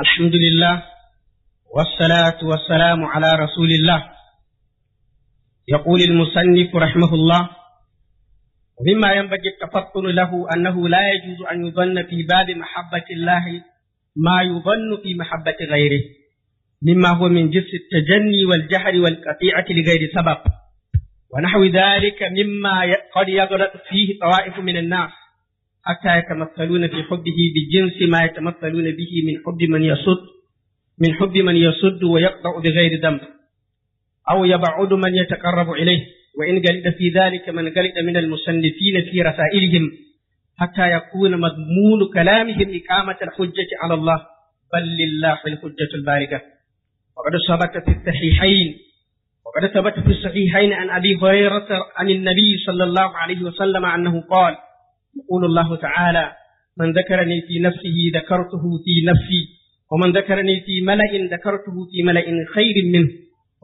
الحمد لله والصلاة والسلام على رسول الله يقول المصنف رحمه الله ومما ينبغي التفطن له أنه لا يجوز أن يظن في باب محبة الله ما يظن في محبة غيره مما هو من جنس التجني والجهل والقطيعة لغير سبب ونحو ذلك مما قد يغلط فيه طوائف من الناس حتى يتمثلون في حبه بجنس ما يتمثلون به من حب من يصد من حب من يصد ويقطع بغير ذنب أو يبعد من يتقرب إليه وإن قلد في ذلك من قلد من المصنفين في رسائلهم حتى يكون مضمون كلامهم إقامة الحجة على الله بل لله الحجة البالغة وقد ثبت في الصحيحين وقد ثبت في الصحيحين عن أبي هريرة عن النبي صلى الله عليه وسلم أنه قال يقول الله تعالى من ذكرني في نفسه ذكرته في نفسي ومن ذكرني في ملأ ذكرته في ملأ خير منه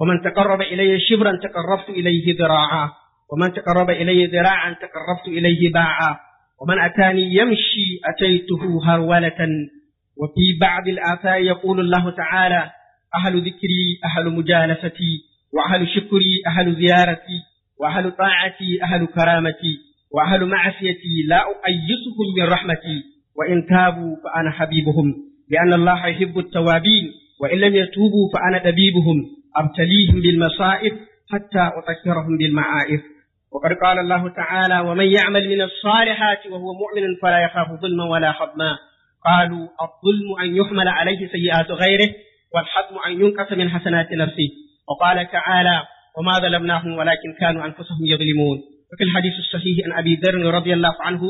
ومن تقرب إلي شبرا تقربت إليه ذراعا ومن تقرب إلي ذراعا تقربت إليه باعا ومن أتاني يمشي أتيته هرولة وفي بعض الآثار يقول الله تعالى أهل ذكري أهل مجالستي وأهل شكري أهل زيارتي وأهل طاعتي أهل كرامتي وأهل معصيتي لا أؤيسهم من رحمتي وإن تابوا فأنا حبيبهم لأن الله يحب التوابين وإن لم يتوبوا فأنا دبيبهم أبتليهم بالمصائب حتى أطهرهم بالمعائف وقد قال الله تعالى ومن يعمل من الصالحات وهو مؤمن فلا يخاف ظلما ولا حظما قالوا الظلم أن يحمل عليه سيئات غيره والحظم أن ينقص من حسنات نفسه وقال تعالى وما ظلمناهم ولكن كانوا أنفسهم يظلمون وفي الحديث الصحيح عن أبي ذر رضي الله عنه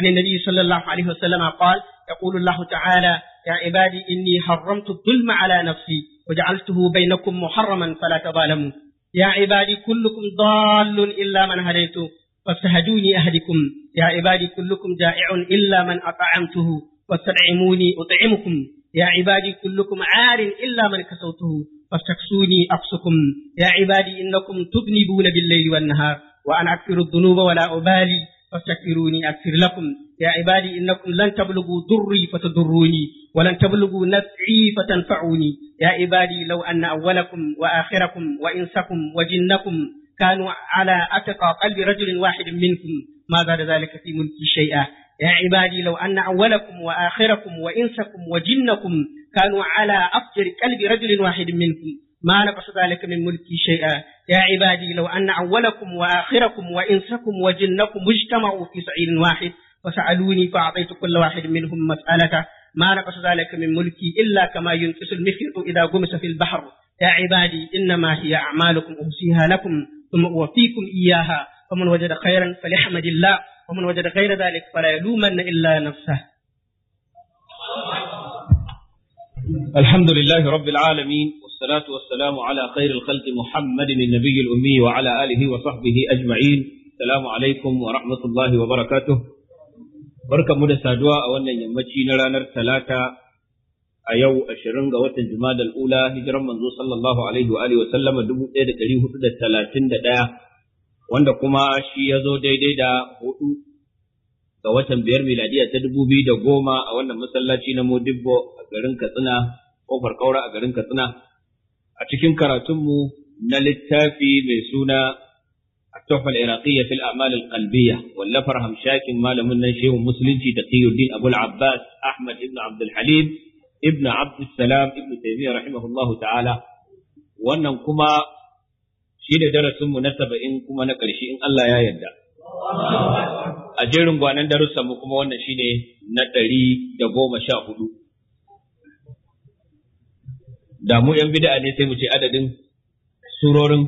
أن النبي صلى الله عليه وسلم قال يقول الله تعالى يا عبادي إني حرمت الظلم على نفسي وجعلته بينكم محرما فلا تظالموا يا عبادي كلكم ضال إلا من هديته فاستهدوني أهدكم يا عبادي كلكم جائع إلا من أطعمته واستطعموني أطعمكم يا عبادي كلكم عار إلا من كسوته فاستكسوني أقصكم يا عبادي إنكم تذنبون بالليل والنهار وأنا أكفر الذنوب ولا أبالي فاستكبروني أكفر لكم يا عبادي إنكم لن تبلغوا ضري فتضروني ولن تبلغوا نفعي فتنفعوني يا عبادي لو أن أولكم وآخركم وإنسكم وجنكم كانوا على أتقى قلب رجل واحد منكم ما بعد ذلك في ملكي شيئا يا عبادي لو أن أولكم وآخركم وإنسكم وجنكم كانوا على أفجر قلب رجل واحد منكم ما نقص ذلك من ملكي شيئا يا عبادي لو أن أولكم وآخركم وإنسكم وجنكم اجتمعوا في سعير واحد فسألوني فأعطيت كل واحد منهم مسألته ما نقص ذلك من ملكي إلا كما ينقص المخيط إذا غمس في البحر يا عبادي إنما هي أعمالكم أوصيها لكم ثم أوفيكم إياها فمن وجد خيرا فليحمد الله ومن وجد غير ذلك فلا يلومن إلا نفسه الحمد لله رب العالمين الصلاة والسلام على خير الخلق محمد النبي الأمي wa آله وصحبه أجمعين السلام عليكم ورحمة الله وبركاته barka mu da saduwa a wannan yammaci na ranar talata a yau ashirin ga watan jumadal ula hijiran manzo sallallahu alaihi wa sallama dubu ɗaya da ɗari hudu da talatin da ɗaya wanda kuma shi ya zo daidai da hudu ga watan biyar miladiya ta dubu biyu da goma a wannan masallaci na modibbo a garin katsina ƙofar kaura a garin katsina a cikin karatunmu na littafi mai suna التحفة العراقية في الأعمال القلبية واللفر همشاكن ما لم شيخ مسلم في تقي الدين أبو العباس أحمد بن عبد الحليم ابن عبد السلام ابن تيمية رحمه الله تعالى wannan kuma shi darasinmu na saba'in kuma na ƙarshe in Allah ya yarda. A jerin gwanan darussanmu kuma wannan shine na ɗari da goma sha hudu. da mu yan bid'a ne sai mu ce adadin surorin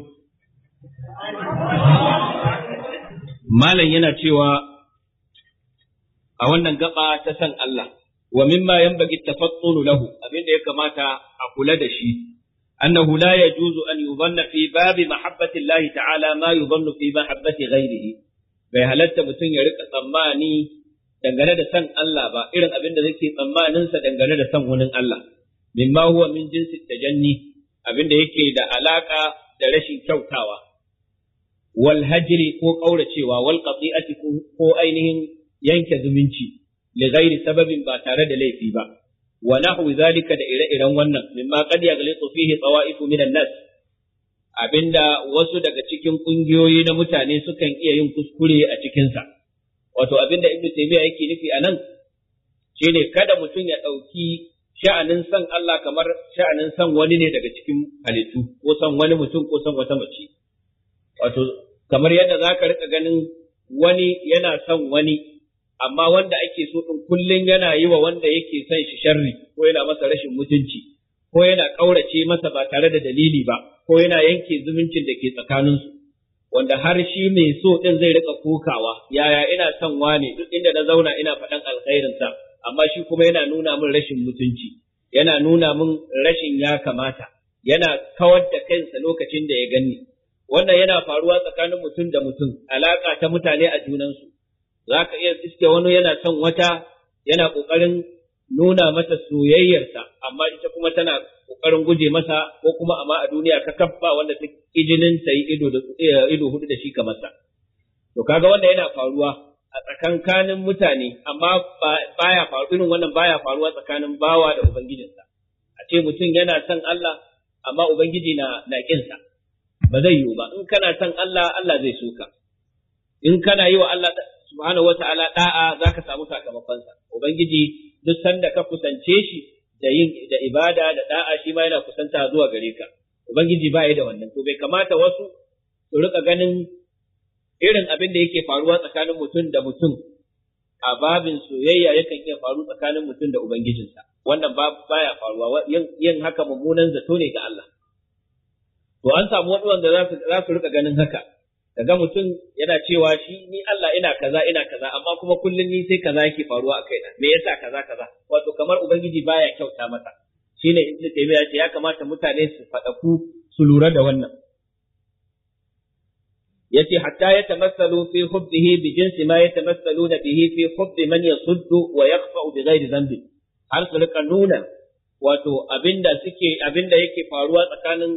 malam yana cewa a wannan gaba ta san Allah wa mimma yanbaghi tafattulu lahu abinda ya kamata a kula da shi أنه ya يجوز أن يظن Babu باب محبة الله تعالى ما يظن في Mahabbati غيره bai halatta mutum ya rika tsammani dangane da san Allah ba irin abin da zake tsammaninsa dangane da san wani Allah mimma huwa min jinsi tajanni abinda yake da alaka da rashin kyautawa wal hajri ko kauracewa wal qati'ati ko ainihin yanke zumunci li ghairi sababin ba tare da laifi ba wa nahu zalika da ire-iren wannan mimma qad yaghliqu fihi tawa'ifu min nas abinda wasu daga cikin kungiyoyi na mutane sukan iya yin kuskure a cikinsa wato abinda ibnu taymiya yake nufi anan shine kada mutum ya dauki sha'anin san Allah kamar sha'anin san wani ne daga cikin halittu ko san wani mutum ko san wata mace wato kamar yadda za ka rika ganin wani yana son wani amma wanda ake so din kullun yana yi wa wanda yake son shi sharri ko yana masa rashin mutunci ko yana ƙaurace masa ba tare da dalili ba ko yana yanke zumuncin da ke tsakaninsu wanda har shi mai so din zai rika kokawa yaya ina son wane duk inda na zauna ina faɗan sa amma shi kuma yana nuna min rashin mutunci yana nuna min rashin ya kamata yana kawar da kansa lokacin da ya ganni wannan yana faruwa tsakanin mutum da mutum alaƙa ta mutane a junansu za ka iya iske wani yana son wata yana ƙoƙarin nuna mata soyayyarsa amma ita kuma tana ƙoƙarin guje masa ko kuma amma a duniya ka kafa wanda ta ijinin ta yi ido hudu da shi kamar sa to kaga wanda yana faruwa a tsakankanin mutane amma baya faru irin wannan baya faruwa tsakanin bawa da ubangijinsa a ce mutum yana son Allah amma ubangiji na na kinsa ba zai yiwu ba in kana son Allah Allah zai so ka in kana yi wa Allah subhanahu wata'ala da'a zaka samu sakamakon sa ubangiji duk sanda ka kusance shi da yin da ibada da da'a shi ma yana kusanta zuwa gare ka ubangiji ba ya da wannan to bai kamata wasu su rika ganin irin abin da yake faruwa tsakanin mutum da mutum a babin soyayya yakan iya faru tsakanin mutum da ubangijinsa wannan baya faruwa yin haka mummunan zato ne ga Allah to an samu waɗanda za su za su rika ganin haka kaga mutum yana cewa shi ni Allah ina kaza ina kaza amma kuma kullun ni sai kaza yake faruwa a kaina me yasa kaza kaza wato kamar ubangiji baya kyauta masa shine ibnu ya ce ya kamata mutane su fadaku su lura da wannan yace hatta yatamassalu fi hubbihi bi jinsi ma da bihi fi hubbi man yasuddu wa yaqfa bi ghairi dhanbi har su rika nuna wato abinda suke abinda yake faruwa tsakanin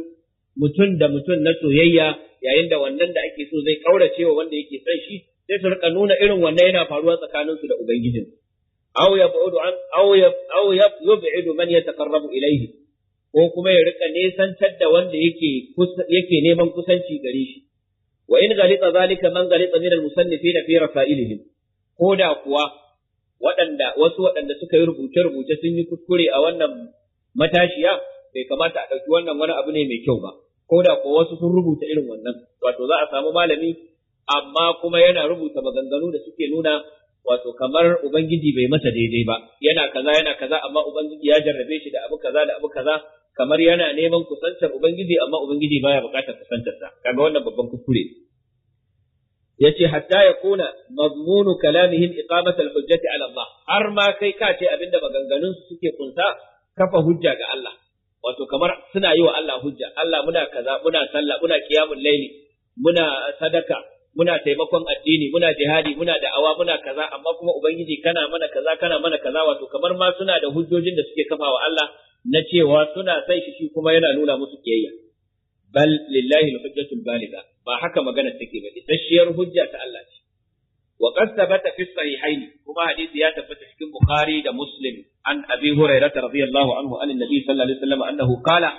mutum da mutum na soyayya yayin da wannan da ake so zai kaurace wa wanda yake son shi sai su rika nuna irin wannan yana faruwa tsakanin su da ubangijin aw yab'udu an aw yab aw yub'idu man yataqarrabu ilayhi ko kuma ya rika nesantar da wanda yake yake neman kusanci gare shi wa in galita zalika man galita min al-musannifina fi rasailihim ko da kuwa waɗanda wasu waɗanda suka yi rubuce rubuce sun yi kuskure a wannan matashiya bai kamata a ɗauki wannan wani abu ne mai kyau ba ko da kuwa wasu sun rubuta irin wannan wato za a samu malami amma kuma yana rubuta maganganu da suke nuna wato kamar ubangiji bai masa daidai ba yana kaza yana kaza amma ubangiji ya jarrabe shi da abu kaza da abu kaza kamar yana neman kusantar ubangiji amma ubangiji baya buƙatar kusantar sa kaga wannan babban kukure yace hatta kuna mazmunu kalamihim iqamata al-hujjati ala Allah har ma kai ka ce abinda maganganun su suke kunsa kafa hujja ga Allah wato kamar suna yi wa Allah hujja Allah muna kaza muna sallah muna qiyamul layli muna sadaka muna taimakon addini muna jihadi muna da'awa muna kaza amma kuma ubangiji kana mana kaza kana mana kaza wato kamar ma suna da hujjojin da suke kafa wa Allah na cewa suna sai shi shi kuma yana nuna musu kiyayya bal lillahi al-hujjatul baligha ba haka magana take ba Isasshiyar hujja ta Allah ce wa qad thabata fi sahihayn kuma hadisi ya tabbata cikin bukhari da muslim an abi hurairah radiyallahu anhu an annabi sallallahu alaihi wasallam annahu qala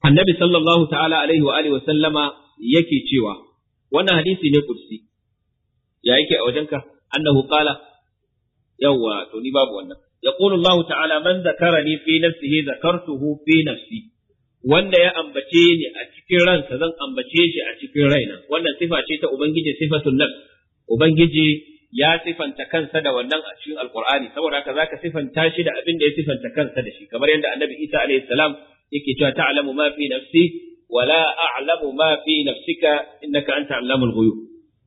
annabi sallallahu ta'ala alaihi wa alihi wa sallama yake cewa wannan hadisi ne kursi ya yake a wajenka annahu qala yawa to ni babu wannan yaqulu Allah ta'ala man zakarani fi nafsihi zakartuhu fi nafsi wanda ya ambace ni a cikin ransa zan ambace shi a cikin raina wannan sifa ce ta ubangiji sifatul nafs ubangiji ya sifanta kansa da wannan a cikin alqur'ani saboda haka zaka sifanta shi da abin da ya sifanta kansa da shi kamar yadda annabi Isa alaihi salam yake cewa ta'lamu ma fi nafsi wala a'lamu ma fi nafsika innaka anta allamul ghuyub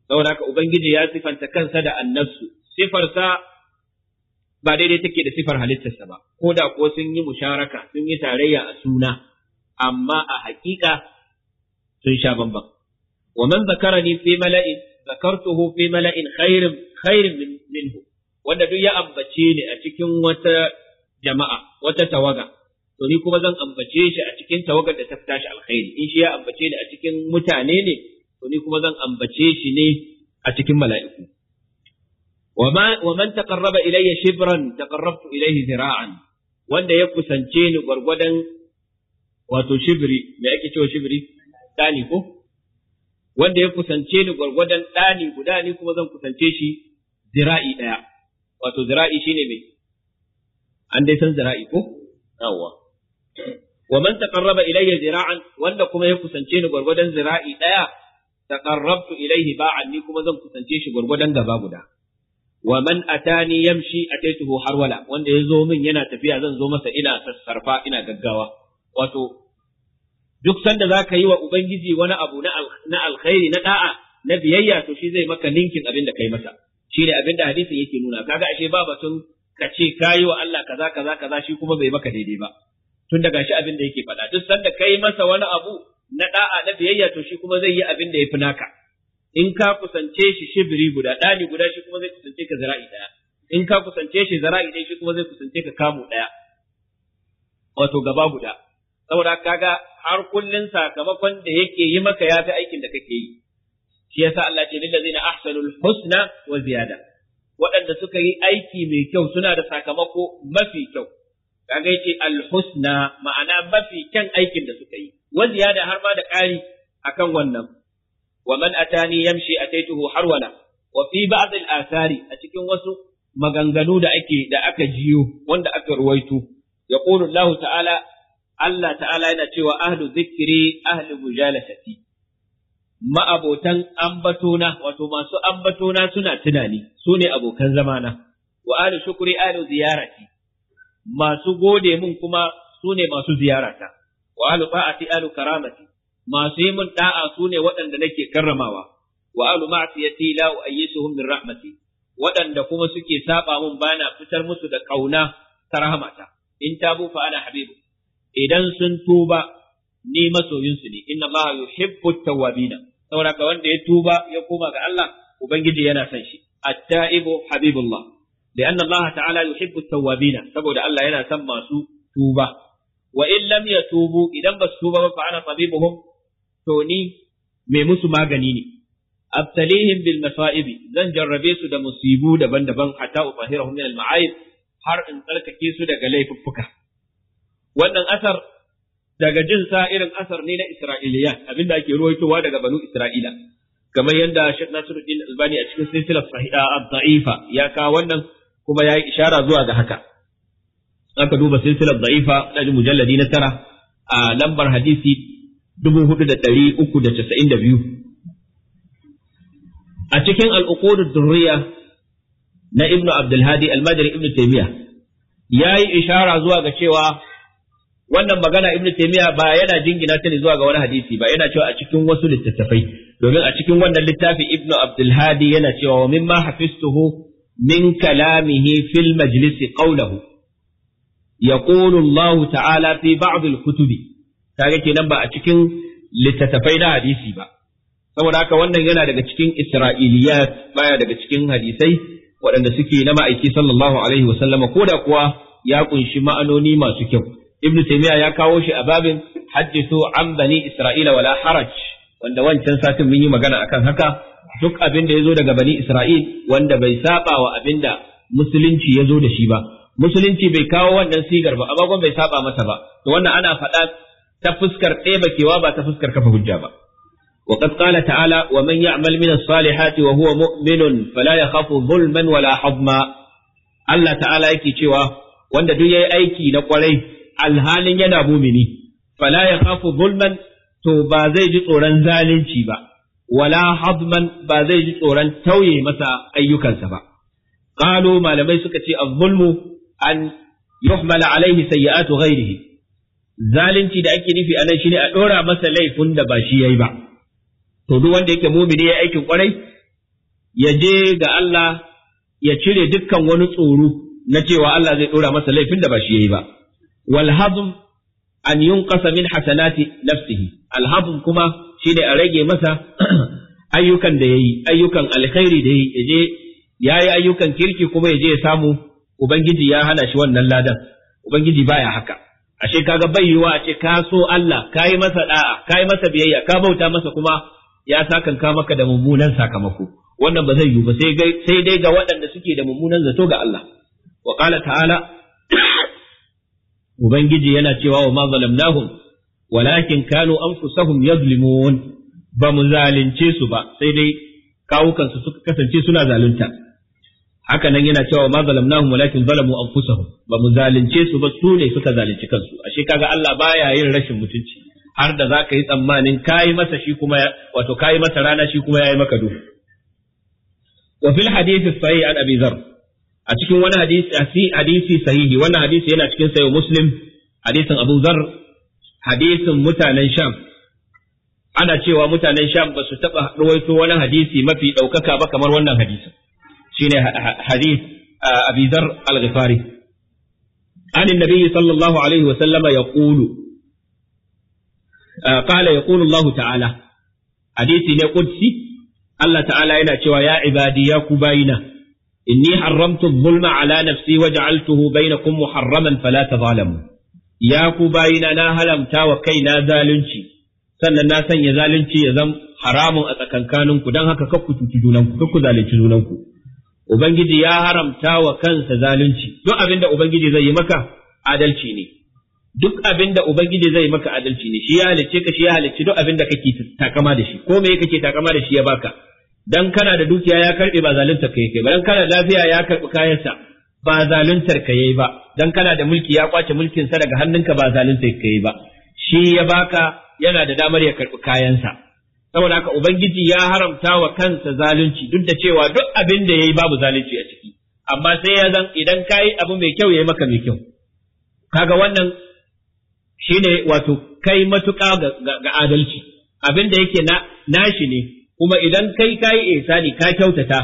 saboda haka ubangiji ya sifanta kansa da annafsu sifarsa ba daidai take da sifar halittarsa ba ko da ko sun yi musharaka sun yi tarayya a suna amma a haƙiƙa sun sha bamban wa man zakarani fi mala'in zakartuhu fi mala'in khairin khairin minhu wanda duk ya ambace ni a cikin wata jama'a wata tawaga to ni kuma zan ambace shi a cikin tawagar da ta shi alkhairi in shi ya ambace ni a cikin mutane ne to ni kuma zan ambace shi ne a cikin mala'iku wa man taqarraba ilayya shibran taqarrabtu ilayhi zira'an wanda ya kusance ni gwargwadon wato shibri me yake cewa shibri dani ko wanda ya kusance ni gwargwadon dani guda ni kuma zan kusance shi zira'i daya wato zira'i shine me an dai san zira'i ko yawwa wa man taqarraba ilayya zira'an wanda kuma ya kusance ni gwargwadon zira'i daya taqarrabtu ilayhi ba'an ni kuma zan kusance shi da gaba guda wa man atani yamshi ataituhu harwala wanda ya zo min yana tafiya zan zo masa ina sassarfa ina gaggawa wato duk sanda zaka yi wa ubangiji wani abu na alkhairi na da'a na biyayya to shi zai maka ninkin abin da kai masa shi ne abin da hadisin yake nuna kaga ashe ba batun ka ce kayi wa Allah kaza kaza kaza shi kuma bai maka daidai ba tun daga shi abin da yake faɗa duk sanda kai masa wani abu na da'a na biyayya to shi kuma zai yi abin da yafi naka in ka kusance shi shibiri guda ɗani guda shi kuma zai kusance ka zara'i ɗaya in ka kusance shi zara'i ɗaya shi kuma zai kusance ka kamu ɗaya wato gaba guda saboda kaga har kullun sakamakon da yake yi maka ya fi aikin da kake yi shi yasa Allah ce na, ahsanul husna wa ziyada waɗanda suka yi aiki mai kyau suna da sakamako mafi kyau kaga yace al-husna ma'ana mafi kyan aikin da suka yi wa ziyada har ma da ƙari akan wannan wa man atani yamshi ataituhu harwala wa fi ba'd al-athari a cikin wasu maganganu da ake da aka jiyo wanda aka ruwaito yaqulu Allah ta'ala Allah ta'ala yana cewa ahlu zikri ahlu mujalasati ma'abotan ambatona wato masu ambatona suna tunani su ne abokan zamana wa ahlu shukri ahlu ziyarati masu gode mun kuma su ne masu ziyarata wa alu ta'ati alu karamati masu yi mun da'a su ne waɗanda nake karramawa wa alu ma'siyati la u'ayyisuhum min rahmati waɗanda kuma suke saba mun bana fitar musu da kauna ta rahmata in ta fa ana habibu idan sun tuba ni masoyinsu ne inna allaha yuhibbu tawwabina saboda wanda ya tuba ya koma ga Allah ubangiji yana son shi at-ta'ibu habibullah لأن الله تعالى يحب التوابين saboda Allah yana son masu tuba wa in lam yatubu idan bas tuba ba fa ana tabibuhum to ni me musu magani ne abtalihim bil masa'ib zan jarrabe su da musibu daban-daban hatta utahirahum min al ma'ayib har in tsarkake su daga laifuffuka wannan asar daga jin sa irin asar ne na Isra'iliya abinda ake ruwaitowa daga banu Isra'ila kamar yadda Sheikh Nasiruddin Albani a cikin silsilar sahiha ad-da'ifa ya kawo wannan kuma ya yi ishara zuwa ga haka aka duba silsilar da'ifa na mujalladi na tara a lambar hadisi dubu hudu da ɗari uku da casa'in da biyu a cikin al'ukudu durriya na ibnu abdulhadi almajiri ibnu taimiyya ya yi ishara zuwa ga cewa wannan magana ibnu taimiyya ba yana jingina ta ne zuwa ga wani hadisi ba yana cewa a cikin wasu littattafai domin a cikin wannan littafi ibnu abdulhadi yana cewa wa mimma hafistuhu min kalamihi fil majlisi qawluhu yaqulu Allah ta'ala fi ba'd al-kutubi kaga kenan ba a cikin littattafai na hadisi ba saboda haka wannan yana daga cikin isra'iliyat baya daga cikin hadisai waɗanda suke na ma'aiki sallallahu alaihi wa sallama ko da kuwa ya kunshi ma'anoni masu kyau ibn taymiya ya kawo shi a babin hadithu an bani isra'ila wala haraj wanda wancan satin mun yi magana akan haka duk abin da ya zo daga bani Isra'il wanda bai saba wa abin da musulunci ya zo da shi ba musulunci bai kawo wannan sigar ba amma bai saba masa ba to wannan ana faɗa ta fuskar ɗebakewa ba ta fuskar kafa hujja ba وقد قال تعالى ومن يعمل من الصالحات وهو مؤمن فلا يخاف ظلما ولا حظما Allah ta'ala yake cewa wanda duk yayi aiki na kwarai alhalin yana mumini fala to ba zai ji tsoron zalunci ba wala hadman ba zai ji tsoron tauye masa ayyukansa ba Ƙalo malamai suka ce a zulmu an yuhmala alaihi sayyi'atu ghairihi zalunci da ake nufi nan shine a dora masa laifin da ba shi yayi ba to duk wanda yake mumini ya aikin kwarai ya je ga Allah ya cire dukkan wani tsoro na cewa Allah zai ɗora masa laifin da ba shi yayi ba wal an yunqasa min hasanati nafsihi alhabun kuma shine a rage masa ayyukan da yayi ayyukan alkhairi da yayi yaje yayi ayyukan kirki kuma yaje ya samu ubangiji ya hana shi wannan ladan ubangiji baya haka ashe kaga bai yiwa a ce ka so Allah kai masa da'a kai masa biyayya ka bauta masa kuma ya sa ka maka da mummunan sakamako wannan ba zai yiwu ba sai dai ga waɗanda suke da mummunan zato ga Allah wa qala ta'ala ubangiji yana cewa wa ma zalamnahum walakin kanu anfusahum yazlimun ba mu zalunce su ba sai dai kawukan suka kasance suna zalunta haka nan yana cewa ma zalamnahum walakin zalamu anfusahum ba mu zalunce su ba su ne suka zalunci kansu ashe kaga Allah baya yin rashin mutunci har da zaka yi tsammanin kai masa shi kuma wato kayi masa rana shi kuma yayi maka duhu wa fil hadith sahih an abi zar. a cikin wani hadisi hadisi sahihi wannan hadisi yana cikin sayo muslim hadisin abu zar hadisin mutanen sham ana cewa mutanen sham ba su taɓa rawaito wani hadisi mafi ɗaukaka ba kamar wannan hadisi shine hadis abizar zar al-ghifari عن النبي صلى الله عليه وسلم يقول قال يقول الله تعالى حديث قدسي الله تعالى ينا يا عبادي يا كباينا inni haramtu zulma ala nafsi altuhu baina bainakum muharraman fala tazalamu ya ku bayina na halamta wa kaina zalunci sannan na sanya zalunci ya zama haramun a tsakankaninku don haka kakku junanku ubangiji ya haramta wa kansa zalunci duk abinda ubangiji zai yi maka adalci ne duk ubangiji zai maka adalci ne shi ya halicce ka shi ya halicci duk abinda kake takama da shi ko me kake takama da shi ya baka dan kana da dukiya ya karbe ba zaluntar ka yake ba dan kana da lafiya ya karbi kayansa ba zaluntar ka yi ba dan kana da mulki ya kwace mulkin sa daga hannunka ba zaluntar ka yi ba shi ya baka yana da damar ya karbi kayansa saboda haka ubangiji ya haramta wa kansa zalunci duk da cewa duk abin da yayi babu zalunci a ciki amma sai ya zan idan kayi abu mai kyau yayi maka mai kyau kaga wannan shine wato kai matuƙa ga adalci abin da yake na nashi ne kuma idan kai kayi ihsani ka kyautata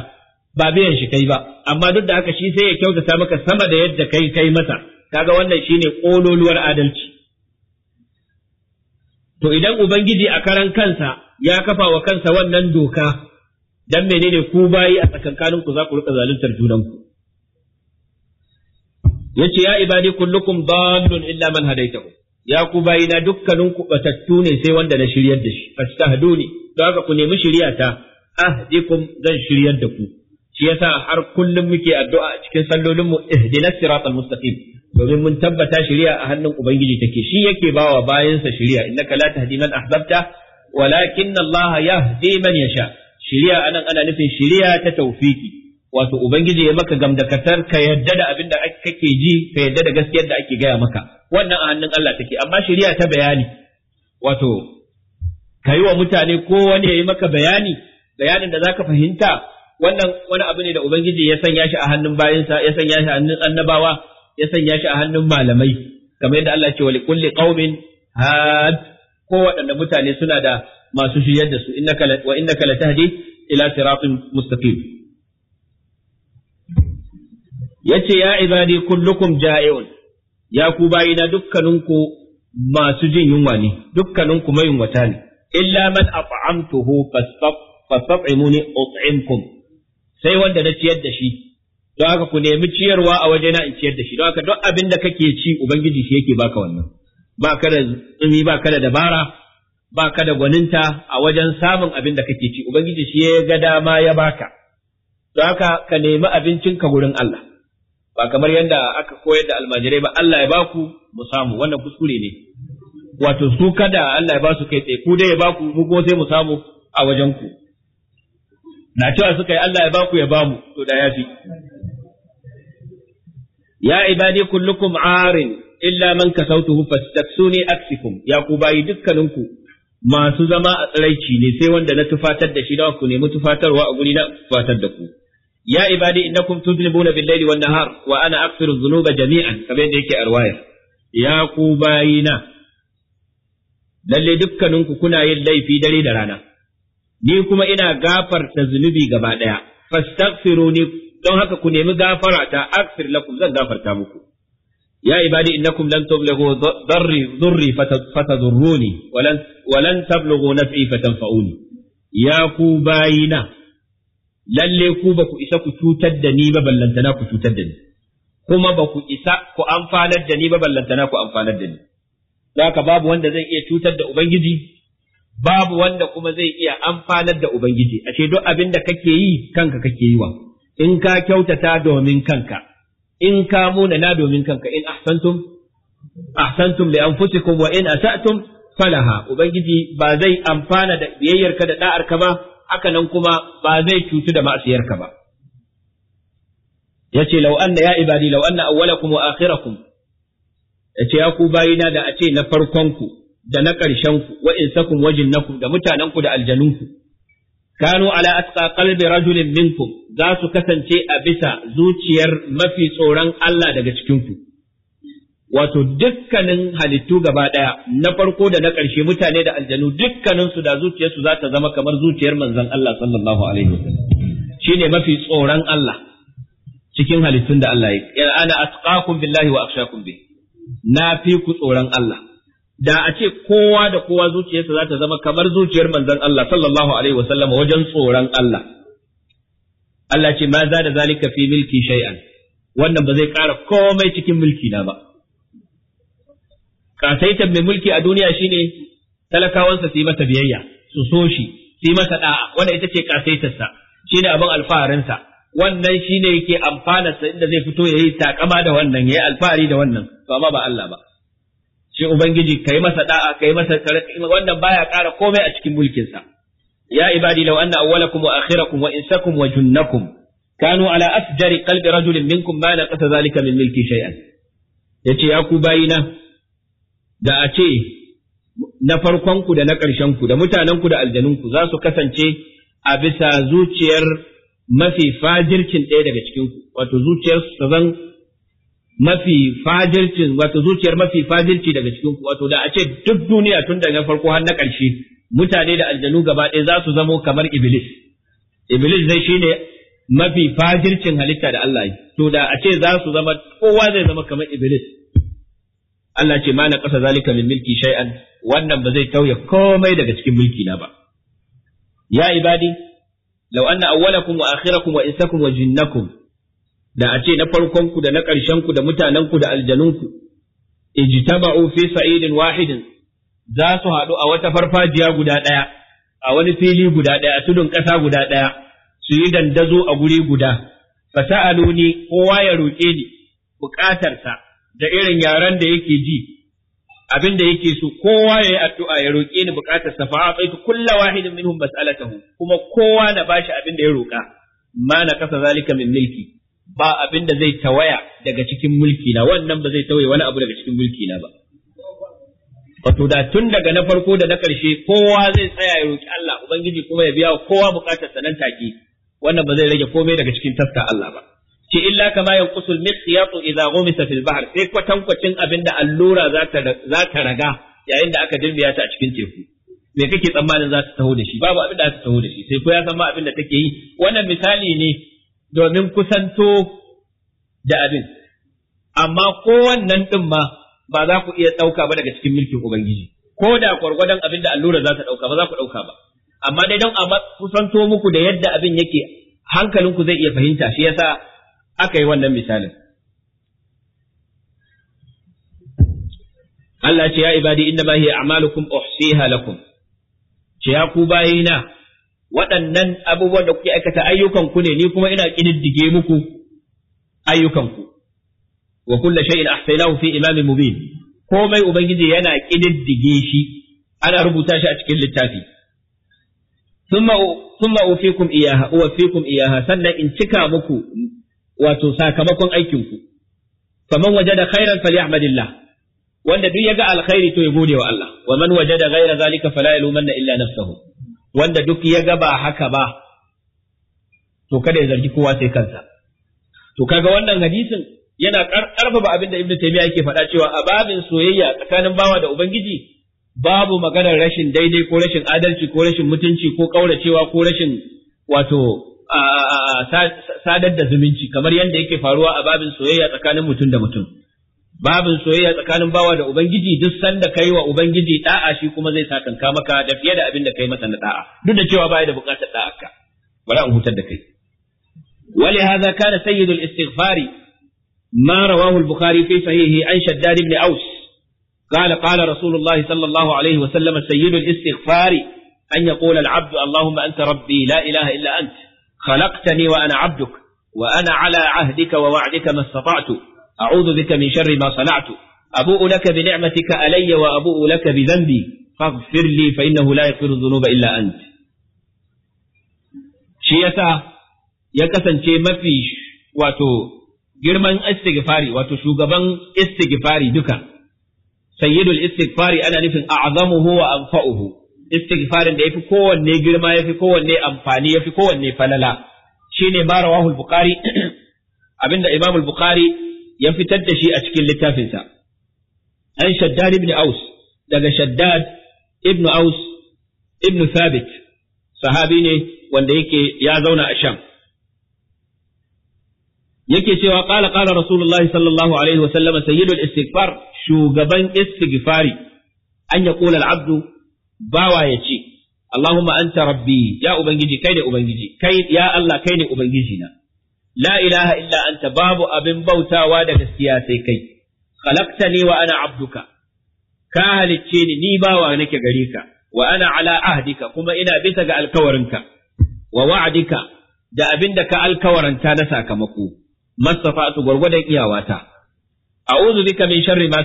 ba biyan shi kai ba amma duk da haka shi sai ya kyautata maka sama da yadda kai kai masa kaga wannan shine kololuwar adalci to idan ubangiji a karan kansa ya kafa wa kansa wannan doka dan menene ku bayi a tsakankanin ku za ku rika zaluntar junanku yace ya ibadi kullukum dallun illa man hadaytahu ya ku dukkanin dukkaninku batattu ne sai wanda na shiryar da shi fastahduni don haka ku nemi shirya ta ahdikum zan shiryar da ku shi yasa har kullum muke addu'a a cikin sallolin mu ihdinas siratal mustaqim domin mun tabbata shiriya a hannun ubangiji take shi yake bawa bayansa shiriya innaka la tahdi man ahbabta walakin Allah yahdi man yasha shiriya anan ana nufin shiriya ta tawfiki wato ubangiji ya maka gamdakatar ka yadda da abin da kake ji ka yadda da gaskiyar da ake gaya maka wannan a hannun Allah take amma shiriya ta bayani wato ka yi wa mutane ko wani ya yi maka bayani bayanin da za ka fahimta wannan wani abu ne da ubangiji ya sanya shi a hannun bayinsa ya sanya shi a hannun annabawa ya sanya shi a hannun malamai kamar yadda Allah ce wa likulli qaumin had ko waɗanda mutane suna da masu shiryar da su innaka wa innaka latahdi ila siratin mustaqim yace ya ibadi kullukum ja'iun ya ku bayina dukkaninku masu jin yunwa ne dukkaninku mayunwata ne illa man at'amtuhu fastab'imuni ut'imkum sai wanda na ciyar da shi don haka ku nemi ciyarwa a wajena in ciyar da shi don haka duk abin da kake ci ubangiji shi yake baka wannan ba ka da tsumi ba ka da dabara ba ka da gwaninta a wajen samun abin da kake ci ubangiji shi ya ga dama ya baka don haka ka nemi abincin ka gurin Allah ba kamar yadda aka koyar da almajirai ba Allah ya baku mu samu wannan kuskure ne wato su kada Allah ya ba su kai tsaye ku dai ya ba ku mu kuma sai mu samu a wajen ku na cewa suka yi Allah ya ba ku ya ba mu to da ya fi ya ibadi kullukum arin illa man kasautuhu fastaksuni aksikum ya ku bayi dukkaninku masu zama a tsiraici ne sai wanda na tufatar da shi da ku nemi tufatarwa a guri na tufatar da ku ya ibadi innakum tudlibuna bil laili wan nahar wa ana aghfiru dhunuba jami'an kabe da yake arwaya ya ku bayina lalle dukkaninku kuna yin laifi dare da rana ni kuma ina gafarta zunubi gaba daya fastaghfiruni don haka ku nemi gafara ta aghfir lakum zan gafarta muku ya ibadi innakum lan tablughu darri dhurri fatadurruni walan walan tablughu naf'i fatanfa'uni ya ku bayina lalle ku ba ku isa ku cutar da ni ba ballantana ku cutar da ni kuma ba ku isa ku amfanar da ni ba ballantana ku amfanar da ni Zaka babu wanda zai iya cutar da Ubangiji, babu wanda kuma zai iya amfanar da Ubangiji, ashe duk abin da kake yi kanka kake yi wa, in ka kyautata domin kanka, in ka munana domin kanka, in ahsantum, ahsantum li anfusikum wa in asa'tum falaha, Ubangiji ba zai amfana da biyayyarka da ɗa'arka ba, haka nan kuma ba zai cutu da ma'asiyarka ba. Yace lau anna ya ibadi lau anna awwalakum wa akhirakum yace ya ku bayina da a ce na farkonku da na ƙarshen ku wa insakum wajinnakum da mutanen ku da aljanun ku kanu ala atqa qalbi rajulin minkum za su kasance a bisa zuciyar mafi tsoron Allah daga cikinku. wato dukkanin halittu gaba ɗaya na farko da na ƙarshe mutane da aljanu dukkaninsu da zuciyarsu za ta zama kamar zuciyar manzon Allah sallallahu alaihi Shi ne mafi tsoron Allah cikin halittun da Allah ya ana atqakum billahi wa akhshakum bih na fi ku tsoron Allah da a ce kowa da kowa zuciyarsa za ta zama kamar zuciyar manzon Allah sallallahu alaihi wasallam wajen tsoron Allah Allah ce ma za da zalika fi milki shay'an wannan ba zai ƙara komai cikin mulki na ba kasaitan mai mulki a duniya shine talakawansa su yi masa biyayya su so shi su yi masa da'a wanda ita ce kasaitarsa shine abin alfaharinsa wannan shi ne yake amfana sa inda zai fito ya yi takama da wannan yayi alfahari da wannan to amma ba Allah ba shi ubangiji kai masa da'a kai masa wannan baya ƙara komai a cikin mulkin sa ya ibadi law anna awwalakum wa akhirakum wa insakum wa jinnakum kanu ala asjari qalbi rajulin minkum ma la qata zalika min milki shay'an yace ya ku bayina da a ce na farkon ku da na ƙarshen ku da mutanen ku da aljanun ku za su kasance a bisa zuciyar mafi fajircin ɗaya daga cikin ku wato zuciyar ta zan mafi fajircin wato zuciyar mafi fajirci daga cikin ku wato da a ce duk duniya tun daga farko har na ƙarshe mutane da aljanu gaba ɗaya za su zamo kamar iblis iblis zai shine mafi fajircin halitta da Allah yi to da a ce za su zama kowa zai zama kamar iblis Allah ce ma na ƙasa zalika min milki shay'an wannan ba zai tauye komai daga cikin mulki na ba ya ibadi law anna awwalakum wa akhirakum wa insakum wa jinnakum da a ce na farkon ku da na ƙarshen ku da mutanen ku da aljanun ku ijtaba'u fi sa'idin wahidin za su haɗu a wata farfajiya guda ɗaya a wani fili guda ɗaya a tudun ƙasa guda ɗaya su yi dandazo a guri guda fasa'aluni kowa ya roƙe ni bukatarsa da irin yaren da yake ji abin da yake so kowa ya yi addu'a ya roƙe ni buƙatar sa fa a kulla wahidin minhum mas'alatahu kuma kowa na bashi abin da ya roƙa ma na kasa zalika min milki ba abin da zai tawaya daga cikin mulki na wannan ba zai tawaye wani abu daga cikin mulki na ba wato da tun daga na farko da na ƙarshe kowa zai tsaya ya roƙi Allah ubangiji kuma ya biya kowa buƙatar sa nan take wannan ba zai rage komai daga cikin taska Allah ba ce illa kama yanqusul miqyatu idza ghumisa fil bahr sai kwatankwacin da allura za ta za ta raga yayin da aka dirbiya ta a cikin teku me kake tsammanin za ta taho da shi babu abin da za ta taho da shi sai ko ya san ma abin da take yi wannan misali ne domin kusanto da abin amma ko wannan din ma ba za ku iya ɗauka ba daga cikin mulkin ubangiji ko da gwargwadon abin da allura za ta ɗauka ba za ku ɗauka ba amma dai don a kusanto muku da yadda abin yake hankalinku zai iya fahimta shi yasa aka yi wannan misalin. Allah ce ya ibadi inna ma hiya a'malukum uhsiha lakum. Ce ya ku bayina waɗannan abubuwan da kuke aikata ayyukan ku ne ni kuma ina kididdige muku ayyukan ku. Wa kullu shay'in ahsaynahu fi imamin mubin. Komai ubangiji yana kididdige shi ana rubuta shi a cikin littafi. Thumma thumma ufikum iyaha uwafikum iyaha sannan in cika muku wato sakamakon aikinku faman wajada khairan falyahmadillah wanda duk yaga alkhairi to ya gode wa Allah wa man wajada ghaira zalika fala yalumanna illa nafsahu wanda duk yaga ba haka ba to kada ya zargi kowa sai kansa to kaga wannan hadisin yana karfafa abin da Ibn Taymiyyah yake faɗa cewa a babin soyayya tsakanin bawa da ubangiji babu maganar rashin daidai ko rashin adalci ko rashin mutunci ko kauracewa ko rashin wato sadar da zumunci kamar yadda yake faruwa a babin soyayya tsakanin mutum da mutum babin soyayya tsakanin bawa da ubangiji duk sanda yi wa ubangiji da'a shi kuma zai sakanka maka da fiye da abin da kai masa na da'a duk da cewa baya da bukatar da'a ka bari an hutar da kai wali haza kana sayyidul istighfari ma rawahu al-bukhari fi sahihi an shaddad ibn aus قال قال رسول الله صلى الله عليه وسلم سيد الاستغفار أن يقول العبد اللهم أنت ربي لا إله إلا أنت خلقتني وأنا عبدك وأنا على عهدك ووعدك ما استطعت أعوذ بك من شر ما صنعت أبوء لك بنعمتك علي وأبوء لك بذنبي فاغفر لي فإنه لا يغفر الذنوب إلا أنت shi yasa ya kasance mafi wato girman istighfari wato shugaban istighfari duka sayyidul istighfari ana nufin a'zamuhu wa anfa'uhu istighfarin da yafi kowanne girma yafi kowanne amfani yafi kowanne falala shine ma rawahul bukhari abinda imam al-bukhari ya fitar da shi a cikin littafinsa an shaddad ibn aus daga shaddad ibn aus ibn thabit sahabi ne wanda yake ya zauna a sham yake cewa qala qala rasulullahi sallallahu alaihi wasallam sayyidul istighfar shugaban istighfari an yaqula al-abdu bawa ya ce Allahumma anta rabbi ya ubangiji kai ne ubangiji kai ya Allah kai ne ubangiji na la ilaha illa anta babu abin bautawa da gaskiya sai kai khalaqtani wa ana abduka ka halicce ni ni bawa nake gare ka wa ana ala ahdika kuma ina bisa ga alkawarinka wa wa'adika da abin da ka alkawaranta na sakamako mastafa'tu gwargwadon iyawata uzu bika min sharri ma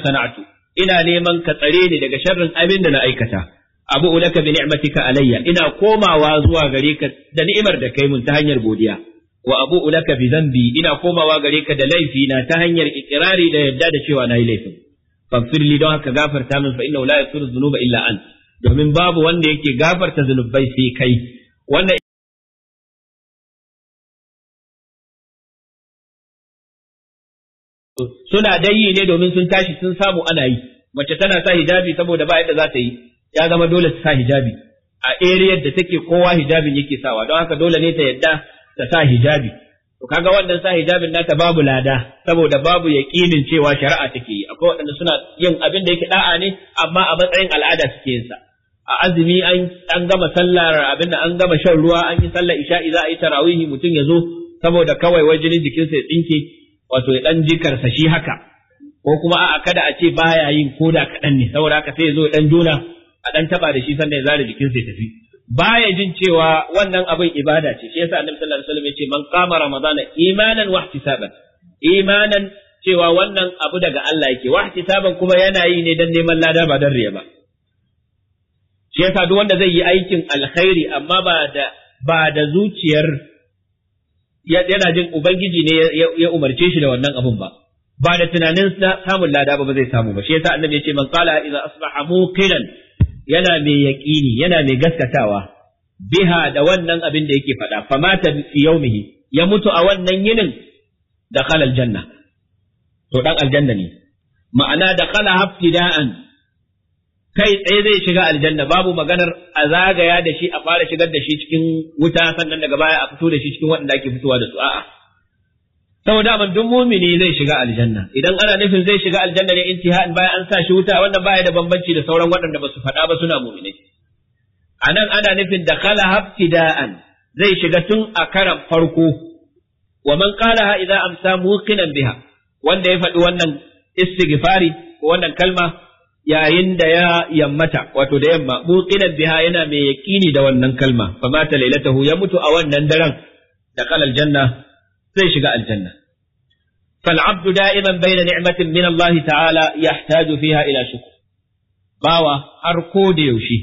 ina neman ka tsare ni daga sharrin abin da na aikata abu ulaka bi ni'matika alayya ina komawa zuwa gare ka da ni'imar da kai mun ta hanyar godiya wa abu ulaka bi dhanbi ina komawa gare ka da laifi na ta hanyar ikrari da yadda da cewa nayi laifin faghfir li don haka gafarta min fa inna la yaghfiru dhunuba illa ant domin babu wanda yake gafarta zunubai sai kai wannan suna dayi ne domin sun tashi sun samu ana yi mace tana sa hijabi saboda ba yadda za ta yi ya zama dole ta sa hijabi a area da take kowa hijabin yake sawa don haka dole ne ta yadda ta sa hijabi to kaga wannan sa hijabin nata babu lada saboda babu yaqinin cewa shari'a take yi akwai waɗanda suna yin abin da yake da'a ne amma a matsayin al'ada suke yin sa a azumi an gama sallar abin da an gama shan ruwa an yi sallar isha'i za a yi tarawihi mutum ya zo saboda kawai wai jinin jikinsa ya tsinke wato ya dan jikarsa shi haka ko kuma a kada a ce baya yin koda kaɗan ne saboda haka sai ya zo ya dan jona a dan taba da shi sannan ya zare jikin sai tafi baya jin cewa wannan abin ibada ce shi yasa annabi sallallahu alaihi wasallam ya ce man qama ramadana imanan wa ihtisaban imanan cewa wannan abu daga Allah yake wa ihtisaban kuma yana yi ne dan neman lada ba dan riya ba shi yasa duk wanda zai yi aikin alkhairi amma ba da ba da zuciyar yana jin ubangiji ne ya umarce shi da wannan abun ba ba da tunanin samun lada ba zai samu ba shi yasa annabi ya ce man qala idza asbaha muqilan yana mai yaqini yana mai gaskatawa biha da wannan abin da yake faɗa famata fi yaumihi ya mutu a wannan yinin da khalal janna to dan aljanna ne ma'ana da khala haftida'an kai tsaye zai shiga aljanna babu maganar a zagaya da shi a fara shigar da shi cikin wuta sannan daga baya a fito da shi cikin waɗanda ake fitowa da su a'a saboda man duk mumini zai shiga aljanna idan ana nufin zai shiga aljanna ne intihan bayan an sa shi wuta wannan baya da bambanci da sauran waɗanda ba su faɗa ba suna muminai anan ana nufin da kala habtida'an zai shiga tun a karan farko wa man qalaha idza amsa muqinan biha wanda ya faɗi wannan istighfari ko wannan kalma yayin da ya yammata wato da yamma muqinan biha yana mai yaqini da wannan kalma fa mata lailatahu ya mutu a wannan daren da kala janna zai shiga aljanna فالعبد دائما بين نعمة من الله تعالى يحتاج فيها إلى شكر باوا أركو ديوشي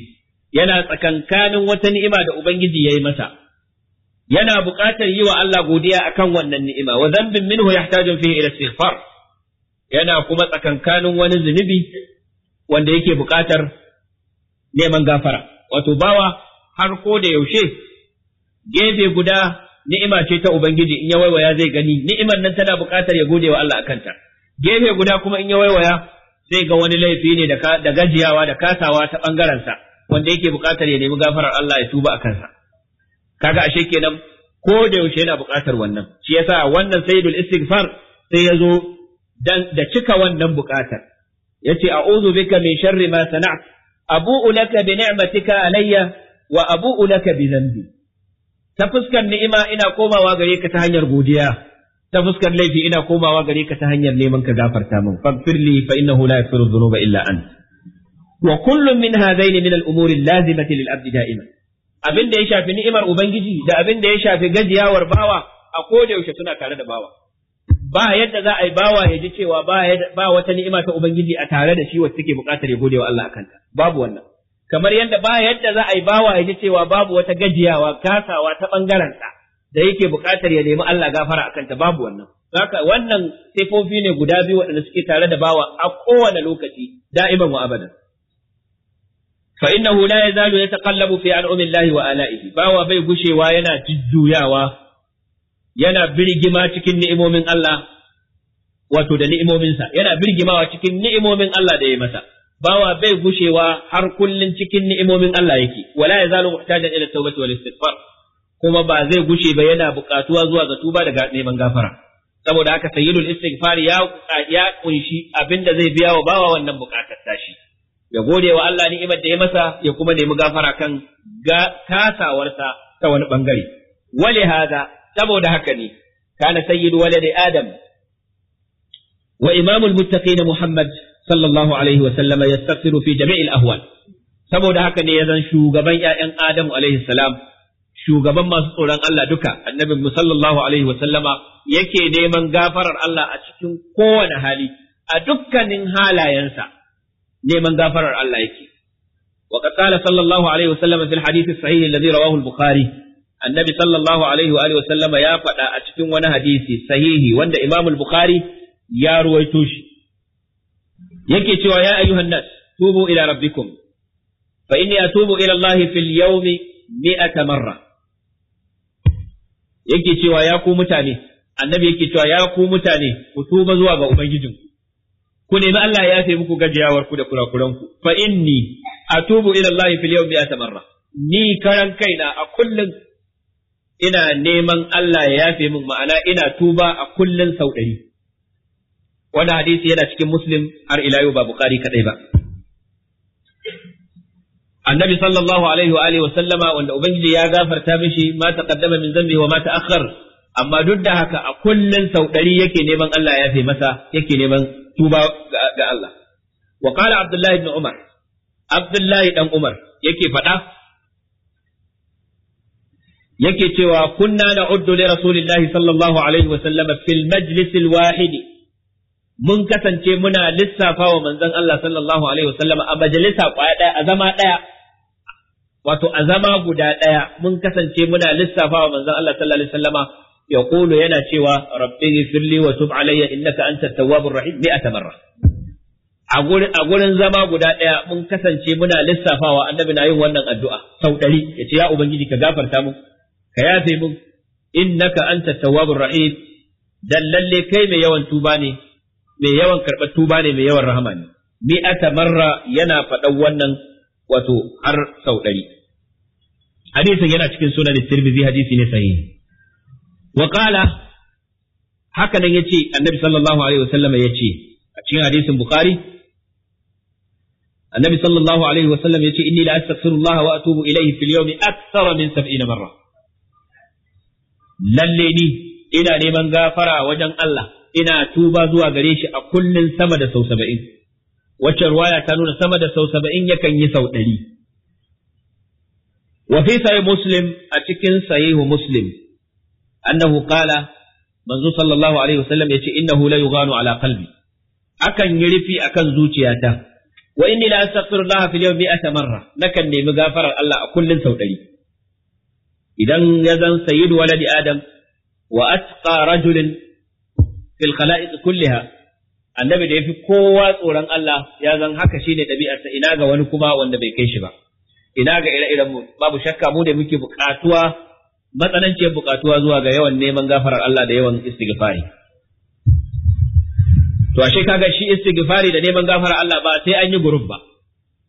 ينا تكنكان وتنئما دا أبنجي يمتا ينا بقاتا يوى الله قوديا أكن ون النئما وذنب منه يحتاج فيه إلى استغفار ينا كما تكنكان ونزنبي وان ديكي بقاتر نيمان غافرة وتباوا أركو ديوشي gefe guda ni'ima ce ta ubangiji in ya waiwaya zai gani ni'imar nan tana buƙatar ya gode wa Allah akan ta gefe guda kuma in ya waiwaya zai ga wani laifi ne da gajiyawa da kasawa ta bangaren sa wanda yake buƙatar ya nemi gafarar Allah ya tuba akan sa kaga ashe kenan ko da yaushe yana buƙatar wannan shi yasa wannan sayyidul istighfar sai ya zo dan da cika wannan buƙatar yace a'udhu bika min sharri ma sana'tu abu'u laka bi ni'matika alayya wa abu'u laka bi dhanbi ta fuskar ni'ima ina komawa gare ka ta hanyar godiya ta fuskar laifi ina komawa gare ka ta hanyar neman ka gafarta min faghfirli fa innahu la yaghfiru dhunuba illa ant wa kullun min hadaini min al-umuri al-lazimati lil abdi da'iman abin da ya shafi ni'imar ubangiji da abin da ya shafi gajiyawar bawa a koda yaushe suna tare da bawa ba yadda za a yi bawa ya ji cewa ba wata ni'ima ta ubangiji a tare da shi wacce take buƙatar ya gode wa Allah akanta babu wannan kamar yadda ba yadda za a yi bawa ya ji cewa babu wata gajiyawa kasawa ta bangaren sa da yake buƙatar ya nemi Allah gafara akan ta babu wannan haka wannan sifofi ne guda biyu waɗanda suke tare da bawa a kowane lokaci da'iman wa abadan fa innahu la yazalu yataqallabu fi lahi wa ala'ihi bawa bai gushewa yana jujjuyawa yana birgima cikin ni'imomin Allah wato da ni'imominsa yana birgimawa cikin ni'imomin Allah da ya masa bawa bai gushewa har kullun cikin ni'imomin Allah yake wala yazalu muhtajan ila tawbati wal istighfar kuma ba zai gushe ba yana buƙatuwa zuwa ga tuba daga neman gafara saboda haka sayyidul istighfar ya ya kunshi abinda zai biya wa bawa wannan buƙatar tashi ya gode wa Allah ni'imar da ya masa ya kuma nemi gafara kan kasawarsa ta wani bangare Wale hada saboda haka ne kana sayyidu waladi adam wa imamul muttaqin muhammad sallallahu alaihi wa sallama yastaghfiru fi jami'il ahwal saboda haka ne ya zan shugaban ƴaƴan Adamu alaihi salam shugaban masu tsoron Allah duka annabi mu sallallahu alaihi wa sallama yake neman gafarar Allah a cikin kowane hali a dukkanin halayensa neman gafarar Allah yake وقد قال صلى الله عليه وسلم في الحديث الصحيح الذي رواه البخاري النبي صلى الله عليه وآله وسلم يا فدا أتكن وانا حديثي صحيح وان إمام ya يا رويتوش yake cewa ya ayyuhan nas tubu ila rabbikum fa inni atubu ila Allah fil yawmi mi'ata marra yake cewa ya ku mutane annabi yake cewa ya ku mutane ku tuba zuwa ga ubangijin ku nemi Allah ya yafe muku gajiyawar ku da kurakuran ku fa inni atubu ila Allah fil yawmi mi'ata marra ni karan kaina a kullum ina neman Allah ya yafe min ma'ana ina tuba a kullum sau ɗari wannan hadisi yana cikin muslim har ila yau ba bukari kadai ba annabi sallallahu alaihi wa alihi wa sallama wanda ubangiji ya gafarta mishi ma taqaddama min zambi wa ma ta'akhkhar amma duk da haka a kullun sau ɗari yake neman Allah ya fi masa yake neman tuba ga Allah wa qala abdullahi ibn umar abdullahi dan umar yake faɗa yake cewa kunna na'uddu li rasulillahi sallallahu alaihi wa sallama fil majlis al wahidi mun kasance muna lissafa wa manzon Allah sallallahu alaihi wasallam a majalisa kwaya daya a zama daya wato a zama guda daya mun kasance muna lissafa wa manzon Allah sallallahu alaihi wasallama yaqulu yana cewa rabbi firli wa tub alayya innaka antat tawwabur rahim mi'ata marra a gurin a gurin zama guda daya mun kasance muna lissafawa annabi na yin wannan addu'a sau ɗari yace ya ubangiji ka gafarta mu ka yafe mu innaka anta tawwabur rahim dan lalle kai mai yawan tuba ne mai yawan karɓar tuba ne mai yawan rahama ne mi'ata marra yana faɗan wannan wato har sau ɗari hadisin yana cikin sunan tirmidhi hadisi ne sahihi wa qala haka nan yace annabi sallallahu alaihi wasallam ce. a cikin hadisin bukhari annabi sallallahu alaihi wasallam ce, inni la astaghfirullah wa atubu ilayhi fil yawmi akthara min 70 marra lalle ni ina neman gafara wajen Allah ina tuba zuwa gare shi a kullun sama da sau saba'in wacce ruwaya ta nuna sama da sau saba'in yakan yi sau ɗari wa fi sahih muslim a cikin sahihu muslim annahu qala manzo sallallahu alaihi wasallam yace innahu la yughanu ala qalbi akan yi rufi akan zuciyata wa inni la astaghfirullaha fil yawmi mi'ata marra nakan nemi gafarar Allah a kullun sau ɗari idan ya zan sayyidu waladi adam wa atqa rajulin fil khala'iq kulliha annabi da yafi kowa tsoron Allah ya zan haka shine dabi'arsa ina ga wani kuma wanda bai kai shi ba ina ga ire-iren mu babu shakka mu da muke bukatuwa matsananciyar bukatuwa zuwa ga yawan neman gafarar Allah da yawan istighfari to ashe kaga shi istighfari da neman gafarar Allah ba sai an yi gurub ba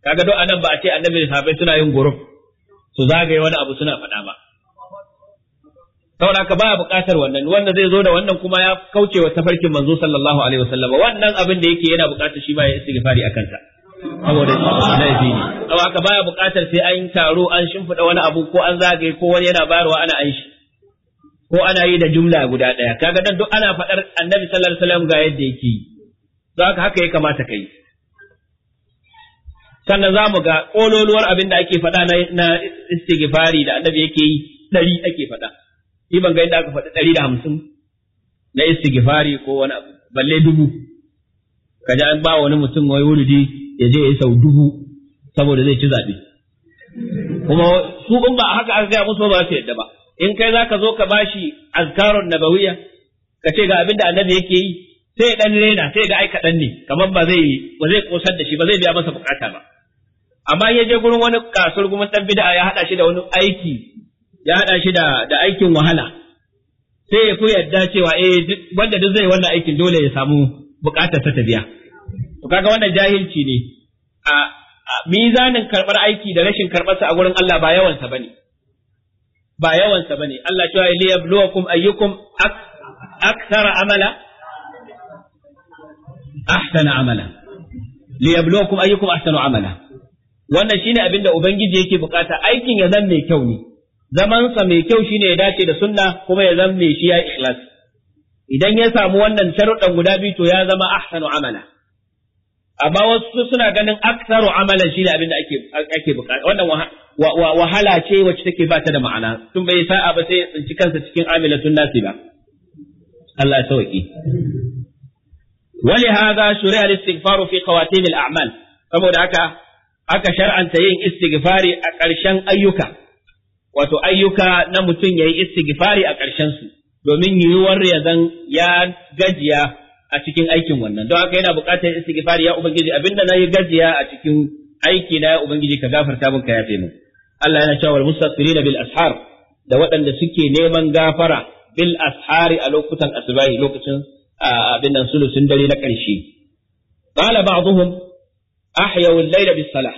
kaga duk anan ba a ce annabi da sahabbai suna yin gurub su zagaye wani abu suna faɗa ba saboda ka baya buƙatar wannan wanda zai zo da wannan kuma ya kauce wa tafarkin manzo sallallahu alaihi wasallam wannan abin da yake yana buƙatar shi ba ya istighfari akan sa saboda laifi ne saboda ka baya buƙatar sai an taro an shimfiɗa wani abu ko an zagaye ko wani yana bayarwa ana an shi ko ana yi da jumla guda ɗaya kaga dan duk ana faɗar annabi sallallahu alaihi wasallam ga yadda yake yi don haka haka ya kamata ka yi sannan za mu ga ƙololuwar abin da ake faɗa na istighfari da annabi yake yi ɗari ake faɗa shi ban ga inda aka faɗi ɗari da hamsin na istighfari ko wani abu balle dubu ka ji an ba wani mutum wai wurudi ya je ya yi sau dubu saboda zai ci zaɓe kuma su in ba haka aka gaya musu ba su yadda ba in kai zaka zo ka bashi azkarun nabawiya ka ce ga abin da annabi yake yi sai ya dan rena sai ga ai kaɗan ne kamar ba zai ba zai kosar da shi ba zai biya masa bukata ba amma ya je gurin wani kasuwar kuma dan bid'a ya hada shi da wani aiki ya haɗa shi da da aikin wahala sai ya fi yadda cewa eh wanda duk zai wannan aikin dole ya samu buƙatar ta biya to kaga wannan jahilci ne a mizanin karɓar aiki da rashin karɓarsa a gurin Allah ba yawansa bane ba yawansa bane Allah cewa ya liyabluwakum ayyukum akthara amala ahsana amala liyabluwakum ayyukum ahsana amala wannan shine abinda ubangiji yake bukata aikin ya zan mai kyau ne zamansa mai kyau shine ya dace da sunna kuma ya zama mai shi ya ikhlas idan ya samu wannan sharuɗan guda biyu to ya zama ahsanu amala amma wasu suna ganin aktsaru amalan shi da abin da ake ake bukata wannan wahala ce wacce take ba ta da ma'ana tun bai sa'a ba sai ya tsinci kansa cikin amilatun nasi ba Allah ya sauki al-istighfar fi في al-a'mal saboda haka aka shar'anta yin istighfari a ƙarshen ayyuka wato ayyuka na mutum ya yi istighfari a ƙarshensu domin yiwuwar ya zan ya gajiya a cikin aikin wannan don haka yana buƙatar istighfari ya ubangiji abinda na yi gajiya a cikin aiki na ya ubangiji ka gafarta min ka yafe min Allah yana cewa mustaghfirin bil ashar da waɗanda suke neman gafara bil ashari a lokutan asbahi lokacin abin nan sulusun dare na ƙarshe qala ba'dhum ahyaw al-layla bis salah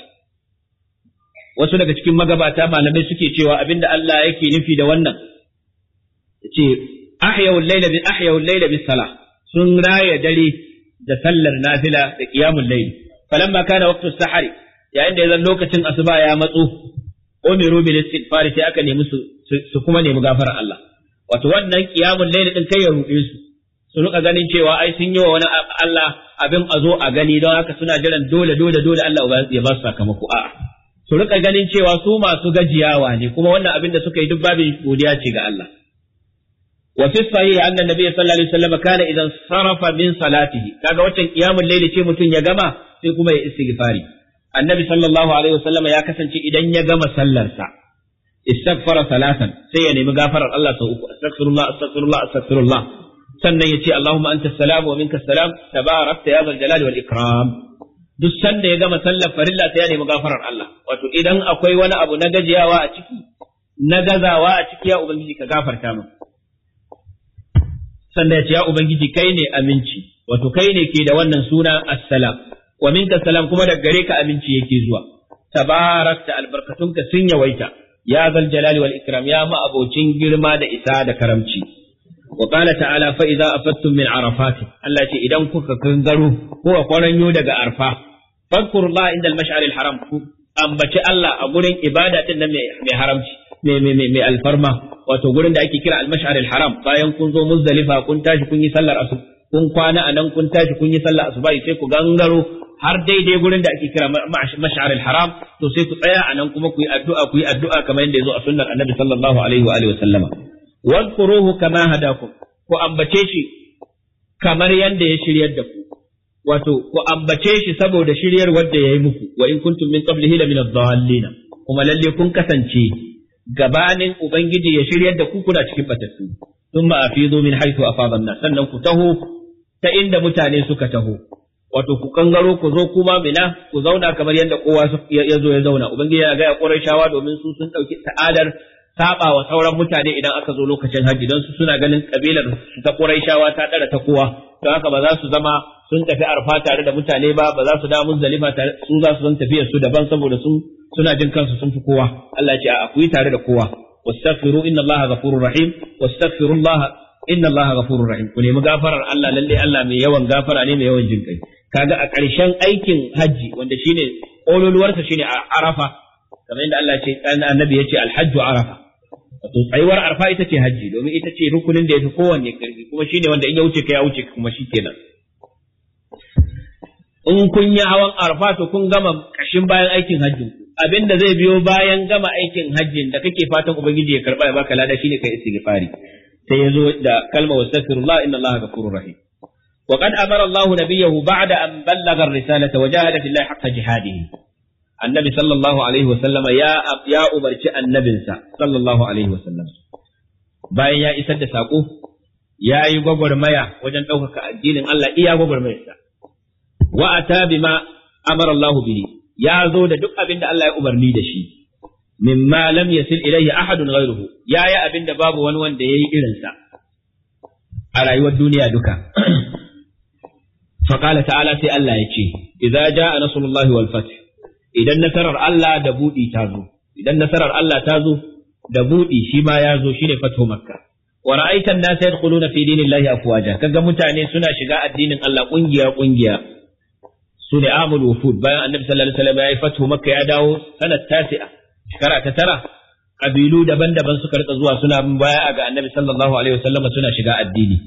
wasu daga cikin magabata malamai suke cewa abinda Allah yake nufi da wannan ce ahyawul layla bi ahyawul layla salah sun raya dare da sallar nafila da qiyamul layl falamma kana waqtu sahari yayin da ya lokacin asuba ya matso umiru bil istighfar sai aka nemi su su kuma nemi gafarar Allah wato wannan qiyamul layl din kai ya ruɗe su su ruka ganin cewa ai sun yi wa wani Allah abin a zo a gani don haka suna jiran dole dole dole Allah ya ba su sakamako a'a su rika ganin cewa su masu gajiyawa ne kuma wannan abin da suka yi duk babin godiya ce ga Allah wa fi sahihi anna nabiyyi sallallahu alaihi wasallam kana idan sarafa min salatihi kaga waccan qiyamul layli ce mutun ya gama sai kuma ya istighfari annabi sallallahu alaihi wasallam ya kasance idan ya gama sallarsa istaghfara salatan sai ya nemi gafarar Allah sau uku astaghfirullah astaghfirullah astaghfirullah sannan ya ce Allahumma anta salam wa minka salam tabarakta ya zal jalali wal ikram duk sanda ya gama sallar farilla sai ya nemi gafarar Allah wato idan akwai wani abu na gajiyawa a ciki na gazawa a ciki ya ubangiji ka gafarta min sanda ya ce ya ubangiji kai ne aminci wato kai ne ke da wannan suna assalam wa minka salam kuma daga gare ka aminci yake zuwa tabarakta albarkatunka sun yawaita ya zal jalali wal ikram ya ma abocin girma da isa da karamci wa qala ta'ala fa'iza a afattum min arafat Allah ce idan kuka kangaro ko kwaranyo daga arfa fadkurullaha inda al haram ku ambaci Allah a gurin ibada din mai haramci mai alfarma wato gurin da ake kira al haram bayan kun zo muzdalifa kun tashi kun yi sallar asuba kun kwana a nan kun tashi kun yi sallah asuba sai ku gangaro har daidai gurin da ake kira mash'ar haram to ku tsaya a nan kuma kuyi yi addu'a ku yi addu'a kamar yadda yazo a sunnar Annabi sallallahu alaihi wa sallama wadkuruhu kama hadakum ku ambace shi kamar yanda ya shiryar da ku wato ku ambace shi saboda shiryar wanda yi muku wa in kuntum min qablihi la min ad kuma lalle kun kasance gabanin ubangiji ya shiryar da ku kuna cikin batattu thumma afidu min haythu afada an sannan ku taho ta inda mutane suka taho wato ku kangaro ku zo kuma mina ku zauna kamar yadda kowa yazo ya zauna ubangiji ya ga ya qurayshawa domin su sun dauki ta'adar saba wa sauran mutane idan aka zo lokacin haji don su suna ganin kabilar su ta Qurayshawa ta dara ta kowa don haka ba za su zama sun tafi arfa tare da mutane ba ba za su da muzdalifa tare su za su zan tafiyar su daban saboda su suna jin kansu sun fi kowa Allah ya ce a ku tare da kowa wastaghfiru inna Allaha ghafurur rahim wastaghfirullah inna Allaha ghafurur rahim ku nemi gafarar Allah lalle Allah mai yawan gafara ne mai yawan jinkai kaga a ƙarshen aikin haji wanda shine ololuwarsa shine a Arafa kamar yadda Allah ya ce annabi ya ce alhajju Arafa wato tsayuwar arfa ita ce hajji domin ita ce rukunin da ya fi kowanne karfi kuma shine wanda in ya wuce ka ya wuce kuma shi kenan in kun yi hawan arfa to kun gama kashin bayan aikin hajjin ku abin da zai biyo bayan gama aikin hajjin da kake fatan ubangiji ya karba ya baka lada shine kai istighfari sai yazo da kalma wastaghfirullah inna allaha ghafurur rahim وقد أمر الله نبيه بعد أن بلغ الرسالة وجاهد في الله حق جهاده annabi sallallahu alaihi wasallama ya ya umarci annabinsa sallallahu alaihi wasallam bayan ya isar da sako ya yi gwagwarmaya wajen ɗaukaka addinin Allah iya gwagwarmayarsa wa ata bima amara Allah bihi ya zo da duk abin da Allah ya umarni da shi mimma lam yasil ilayhi ahadun ghayruhu ya yi abin da babu wani wanda yayi irinsa a rayuwar duniya duka ta'ala sai allah ya ce إذا جاء نصر الله والفتح idan nasarar Allah da buɗi ta zo idan nasarar Allah ta zo da buɗi shi ma ya zo shine fatho makka wa ra'aita an-nas yadkhuluna fi dinillahi afwaja kaga mutane suna shiga addinin Allah kungiya kungiya su ne amul wufud bayan annabi sallallahu alaihi wasallam ya yi fatho makka ya dawo sanat tasi'a shekara ta tara kabilu daban-daban suka rika zuwa suna bin baya ga annabi sallallahu alaihi wasallam suna shiga addini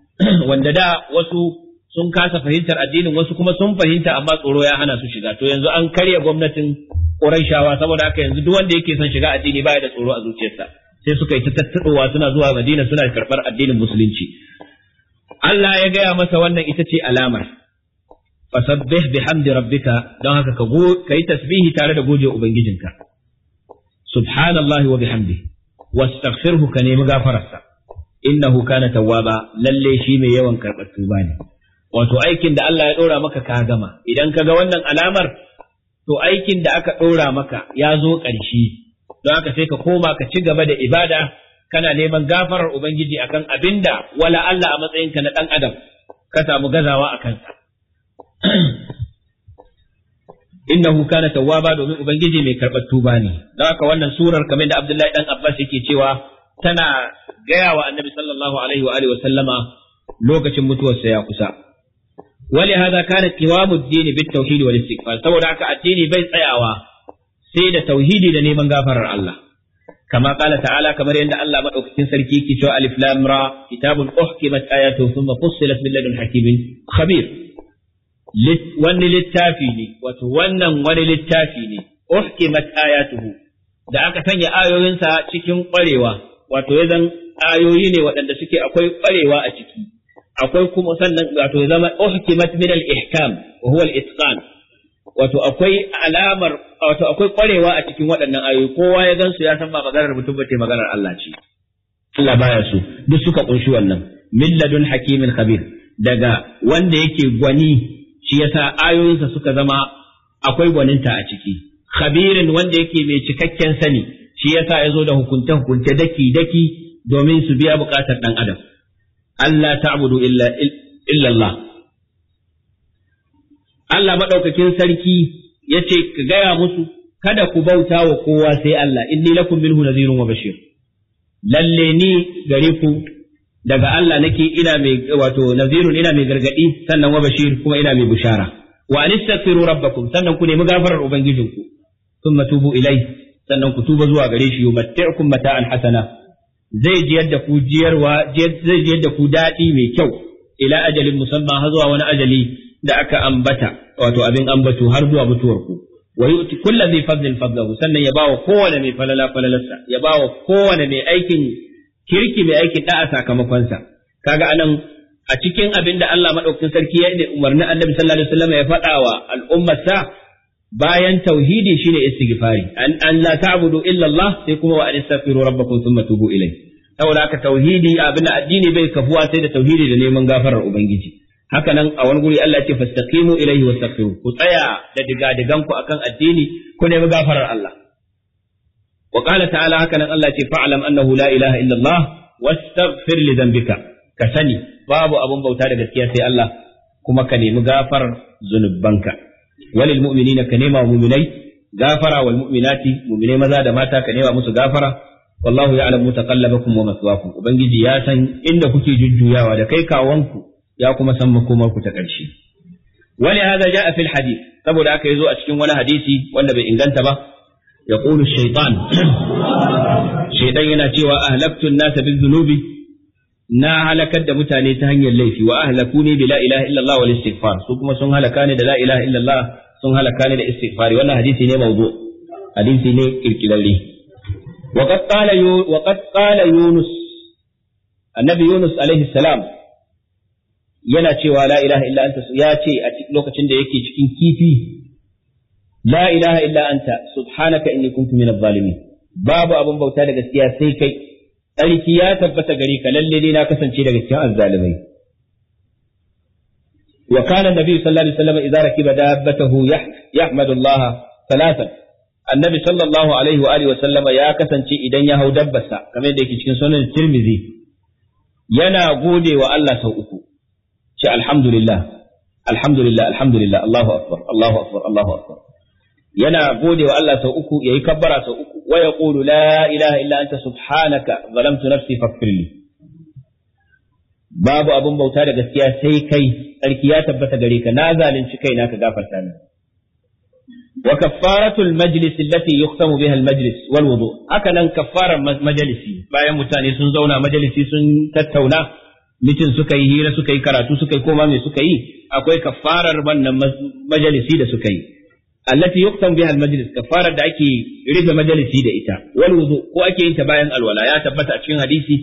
wanda da wasu sun kasa fahimtar addinin wasu kuma sun fahimta amma tsoro ya hana su shiga to yanzu an karya gwamnatin Qurayshawa saboda haka yanzu duk wanda yake son shiga addini baya da tsoro a zuciyarsa sai suka yi ta tattaɗowa suna zuwa Madina suna karɓar addinin musulunci Allah ya gaya masa wannan ita ce alamar fasabbih bihamdi rabbika don haka ka kai tasbihi tare da goje ubangijinka subhanallahi wa bihamdihi wastaghfirhu ka nemi gafararsa innahu kana tawwaba lalle shi mai yawan karɓar tuba ne wato aikin da Allah ya ɗora maka ka gama idan ka ga wannan alamar to aikin da aka ɗora maka ya zo ƙarshe don aka sai ka koma ka ci gaba da ibada kana neman gafarar ubangiji akan abinda wala Allah a matsayinka na ɗan adam ka samu gazawa a kansa hu kana tawwaba domin ubangiji mai karɓar tuba ne don haka wannan surar kamar da Abdullahi dan Abbas yake cewa tana gaya wa Annabi sallallahu alaihi wa wa sallama lokacin mutuwarsa ya kusa wali haza kana kiwamu dini din bit tauhid wal istighfar saboda haka addini bai tsayawa sai da tauhidi da neman gafarar Allah kama kala ta'ala kamar yadda Allah madaukakin sarki yake cewa alif lam ra kitabun uhkimat ayatu thumma fussilat min ladun hakimin khabir wani littafi ne wato wannan wani littafi ne uhkimat ayatuhu da aka sanya ayoyinsa cikin kwarewa wato ya ayoyi ne waɗanda suke akwai kwarewa a ciki akwai kuma sannan wato ya zama uhkimat min al-ihkam wa huwa al-itqan wato akwai alamar wato akwai kwarewa a cikin waɗannan ayoyi kowa ya gansu ya san ba maganar mutum ba ce maganar Allah ce Allah baya su duk suka kunshi wannan milladun hakimin khabir daga wanda yake gwani shi yasa ayoyinsa suka zama akwai gwaninta a ciki khabirin wanda yake mai cikakken sani shi yasa ya zo da hukunce hukunce daki daki domin su biya bukatar dan adam Allah ta'budu illa illallah Allah maɗaukakin sarki ya ce ka gaya musu kada ku bauta wa kowa sai Allah in inni lakum minhu Nazirun wa bashir lalle ni gare ku daga Allah nake ina mai wato Nazirun ina mai gargadi sannan wa bashir kuma ina mai bushara wa anistaghfiru rabbakum sannan ku nemi gafarar ubangijinku thumma tubu ilai sannan ku tuba zuwa gare shi yumatti'ukum mata'an hasana zai jiyar da ku jiyarwa zai jiyar da ku daɗi mai kyau ila ajalin musamman har zuwa wani ajali da aka ambata wato abin ambato har zuwa mutuwar ku wa yu'ti kullu dhi fadlin fadlahu sannan ya bawa kowane mai falala falalarsa ya bawa kowane mai aikin kirki mai aikin da'a sakamakon sa kaga anan a cikin abin da Allah madaukakin sarki ya ne umarni Annabi sallallahu alaihi wasallam ya faɗa wa sa bayan tauhidi shine istighfari an an la ta'budu illa Allah sai kuma wa astaghfiru rabbakum thumma tubu ilayhi saboda haka tauhidi abin da addini bai kafuwa sai da tauhidi da neman gafarar ubangiji haka nan a wani guri Allah ce fastaqimu ilayhi wastaghfiru ku tsaya da digadigan ku akan addini ku nemi gafarar Allah wa qala ta'ala haka nan Allah ce fa'lam annahu la ilaha illa Allah wastaghfir li dhanbika ka sani babu abin bauta da gaskiya sai Allah kuma ka nemi gafarar zunubanka walil mu'minina ka nema mu'minai gafara wal mu'minati mu'minai maza da mata ka nema musu gafara wallahu ya'lamu mutaqallabakum wa maswaakum ubangiji ya san inda kuke jujjuyawa da kai kawanku ya kuma san makomar ku ta ƙarshe wani hada a fil hadith saboda aka yazo a cikin wani hadisi wanda bai inganta ba yaqulu shaytan shaytan yana cewa ahlaktu an-nasa bil dhunubi na halakar da mutane ta hanyar laifi wa ne bi la ilaha illallah wal istighfar su kuma sun halaka ne da la ilaha illallah sun halaka ne da istighfari wannan hadisi ne mawdu hadisi ne kirkirarri wa qad qala wa qad qala yunus annabi yunus alaihi salam yana cewa la ilaha illa anta ya ce a lokacin da yake cikin kifi la ilaha illa anta subhanaka inni kuntu minadh zalimin babu abun bauta da gaskiya sai kai tsarki ya tabbata gare ka lalle ne na kasance daga cikin azzalimai wa kana nabi sallallahu alaihi wasallam idza rakiba dabbatahu yahmadu Allah thalathan annabi sallallahu alaihi wa alihi wa ya kasance idan ya hau dabbarsa kamar yadda yake cikin sunan Tirmidhi yana gode wa Allah sau uku ce alhamdulillah alhamdulillah alhamdulillah Allahu akbar Allahu akbar Allahu akbar yana gode wa Allah sau uku ya yi kabbara sau uku wa ƙulu. la ilaha illa anta subhanaka zalamtu nafsi faghfirli babu abin bauta da gaskiya sai kai tsarki ya tabbata gare ka na zalunci kaina ka gafarta ni wa kaffaratul majlis allati yuqtamu biha al majlis wal wudu haka nan kaffarar majalisi bayan mutane sun zauna majalisi sun tattauna mitin suka yi hira suka yi karatu suka yi koma me suka yi akwai kaffarar wannan majalisi da suka yi allati yuqtam biha al-majlis kafarar da ake rufe majalisi da ita wal wudu ko ake yin ta bayan alwala ya tabbata a cikin hadisi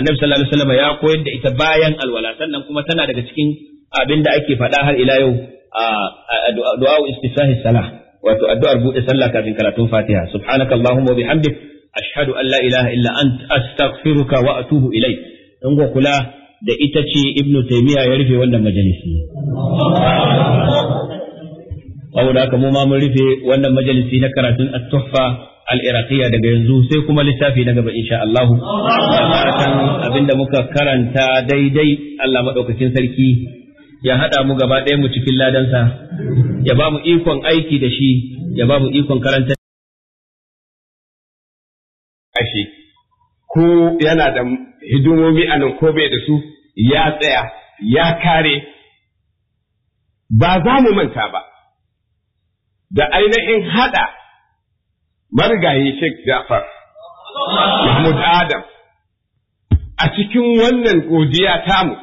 annabi sallallahu alaihi ya koyar da ita bayan alwala sannan kuma tana daga cikin abinda ake faɗa har ila yau a du'a istifsahi wato addu'ar buɗe sallah kafin karatun fatiha subhanakallahumma wa bihamdik ashhadu an la ilaha illa ant astaghfiruka wa ilai ilayk in kula da ita ce ibnu taymiya ya rufe wannan majalisi saboda haka mu ma mun rufe wannan majalisi na karatun at-tuhfa al-iraqiyya daga yanzu sai kuma lissafi na gaba insha Allah kan abinda muka karanta daidai Allah madaukakin sarki ya hada mu gaba ɗaya mu cikin ladansa ya ba mu ikon aiki da shi ya ba mu ikon karanta ashi ko yana da hidimomi a nan ko bai da su ya tsaya ya kare ba za mu manta ba da ainihin haɗa marigayi Sheikh Jafar Mahmud Adam a cikin wannan godiya tamu,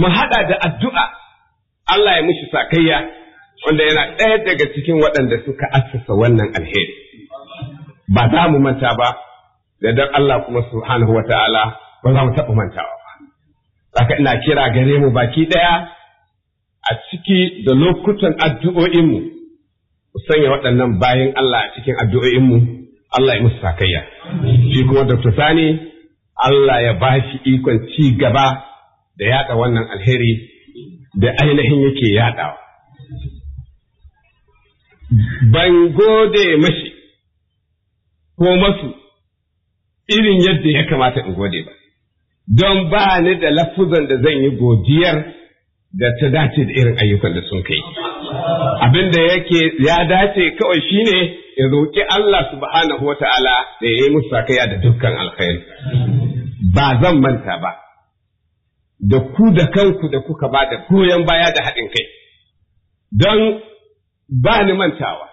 mu haɗa da addu'a Allah ya mushi sakayya wanda yana ɗaya daga cikin waɗanda suka assasa wannan alheri. Ba za mu manta ba, da don Allah kuma subhanahu wa ta'ala ba za mu taɓa mantawa ba. Haka ina kira gare mu baki ɗaya. a ciki da lokutan addu'o'inmu, ku sanya waɗannan bayan Allah a cikin addu'o'inmu, Allah ya musu sakayya. Shi kuma Dr. Sani, Allah ya ba shi ikon ci gaba da yaɗa wannan alheri da ainihin yake yaɗawa. Ban gode mashi ko masu irin yadda ya kamata in gode ba, don ba ni da lafuzan da zan yi godiyar da ta dace da irin ayyukan da sun kai. Abin da yake ya dace kawai shine in roƙi Allah subhanahu wa ta'ala da ya yi musu sakaya da dukkan alkhairi. Ba zan manta ba, da ku da kanku da kuka ba da goyon baya da haɗin kai, don ba ni mantawa.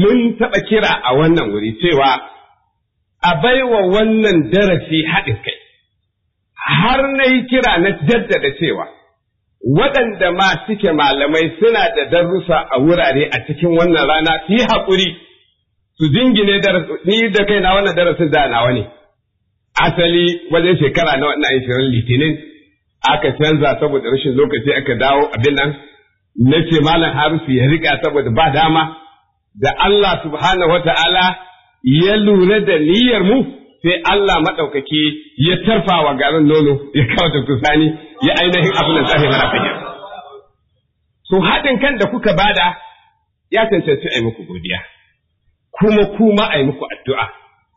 Mun taɓa kira a wannan wuri cewa a baiwa wannan darasi haɗin kai, har na yi kira na jaddada cewa. waɗanda ma suke malamai suna da darussa a wurare a cikin wannan rana su yi haƙuri su jingine ni da kai na wannan darasin da nawa ne asali wajen shekara na wannan shirin litinin aka canza saboda rashin lokaci aka dawo abin nan na ce malam harisu ya riƙa saboda ba dama da Allah subhanahu wa ta'ala ya lura da niyyar mu sai Allah maɗaukaki ya tarfa wa garin nono ya kawo kusani ya ainihin abin da tsari mara fage. So haɗin kan da kuka bada ya cancanci a yi muku godiya, kuma kuma a yi muku addu'a,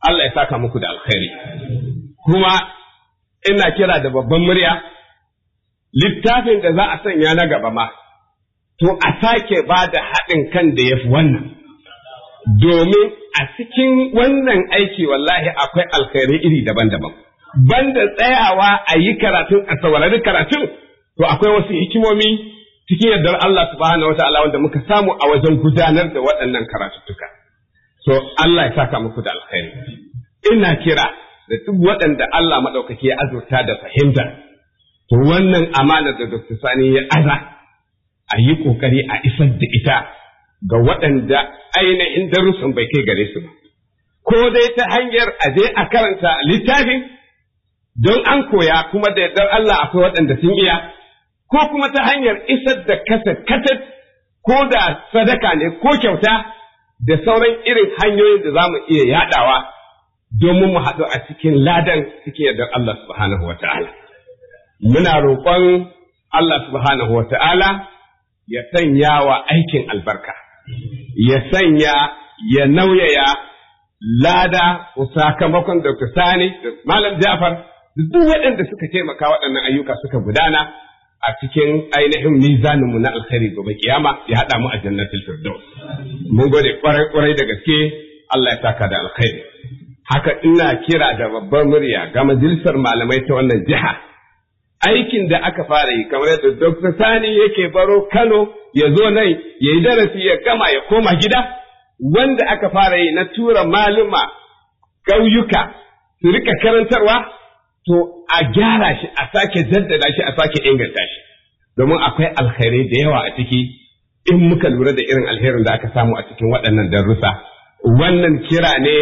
Allah ya saka muku da alkhairi. Kuma ina kira da babban murya, littafin da za a sanya na gaba ma, to a sake ba da haɗin kan da ya fi wannan. domin a cikin wannan aiki wallahi akwai alkhairai iri daban-daban. Banda tsayawa a yi karatun a saurari karatun, to akwai wasu hikimomi cikin yardar Allah subhanahu wata'ala wanda muka samu a wajen gudanar da waɗannan karatuttuka. So Allah ya saka muku da alkhairi. Ina kira da duk waɗanda Allah maɗaukaki ya azurta da fahimta. To wannan amanar da Dr. Sani ya aza ayi yi ƙoƙari a isar da ita ga waɗanda ainihin darussan bai kai gare su ba. Ko dai ta hanyar a je a karanta littafin don an koya kuma da yardar Allah akwai waɗanda sun iya, ko kuma ta hanyar isar da kase kasar ko da sadaka ne ko kyauta da sauran irin hanyoyin da za mu iya yaɗawa domin mu haɗu a cikin ladan cikin yardar Allah subhanahu wa ta'ala. Muna roƙon Allah subhanahu wa ta'ala ya sanya wa aikin albarka. ya sanya ya nauyaya lada ko sakamakon da Sani da Malam Jafar duk waɗanda suka taimaka waɗannan ayyuka suka gudana a cikin ainihin mizanin mu na alkhairi gobe kiyama ya haɗa mu a jannatul firdaus mun gode kwarai kwarai da gaske Allah ya saka da alkhairi haka ina kira da babbar murya ga majalisar malamai ta wannan jiha aikin da aka fara yi kamar yadda Dr. Sani yake baro Kano ya zo nan ya yi darasi ya gama ya koma gida wanda aka fara yi na tura maluma ƙauyuka su rika karantarwa to a gyara shi a sake jaddada shi a sake inganta shi domin akwai alkhairai da yawa a ciki in muka lura da irin alherin da aka samu a cikin waɗannan darussa wannan kira ne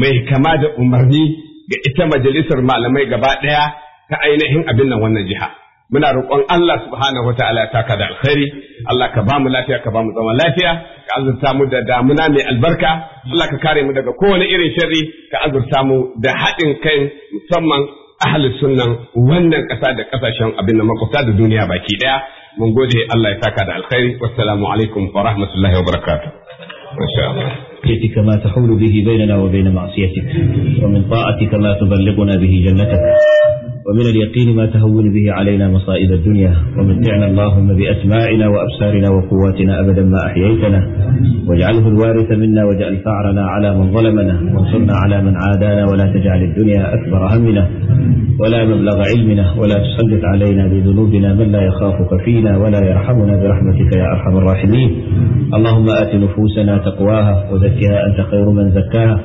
mai kama da umarni ga ita majalisar malamai gaba ɗaya ta ainihin abin nan wannan jiha muna roƙon Allah subhanahu wa ta'ala ya taka da alkhairi Allah ka bamu lafiya ka bamu zaman lafiya ka azurta mu da damuna mai albarka Allah ka kare mu daga kowane irin sharri ka azurta mu da haɗin kai musamman ahlus sunnan wannan ƙasa da ƙasashen abin da makwabta da duniya baki ɗaya mun gode Allah ya taka da alkhairi wassalamu alaikum wa rahmatullahi wa barakatuh بيتك ما تحول به بيننا وبين معصيتك ومن طاعتك ما تبلغنا به جنتك ومن اليقين ما تهون به علينا مصائب الدنيا ومتعنا اللهم بأسماعنا وأبصارنا وقواتنا أبدا ما أحييتنا واجعله الوارث منا واجعل ثأرنا على من ظلمنا وانصرنا على من عادانا ولا تجعل الدنيا أكبر همنا ولا مبلغ علمنا ولا تسلط علينا بذنوبنا من لا يخافك فينا ولا يرحمنا برحمتك يا أرحم الراحمين اللهم آت نفوسنا تقواها وزكاها زكها أنت خير من زكاها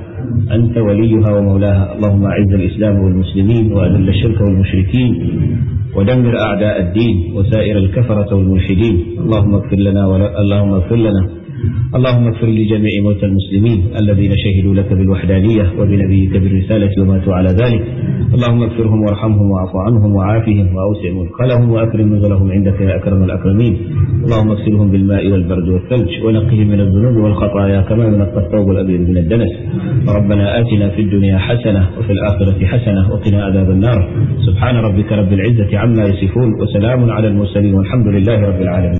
أنت وليها ومولاها اللهم أعز الإسلام والمسلمين وأذل الشرك والمشركين ودمر أعداء الدين وسائر الكفرة والملحدين اللهم اغفر لنا ولا اللهم اغفر لنا اللهم اغفر لجميع موتى المسلمين الذين شهدوا لك بالوحدانية وبنبيك بالرسالة وماتوا على ذلك اللهم اغفرهم وارحمهم واعف عنهم وعافهم واوسع مدخلهم واكرم نزلهم عندك يا اكرم الاكرمين اللهم اغسلهم بالماء والبرد والثلج ونقهم من الذنوب والخطايا كما ينقى الثوب الابيض من الدنس ربنا اتنا في الدنيا حسنه وفي الاخره حسنه وقنا عذاب النار سبحان ربك رب العزه عما يصفون وسلام على المرسلين والحمد لله رب العالمين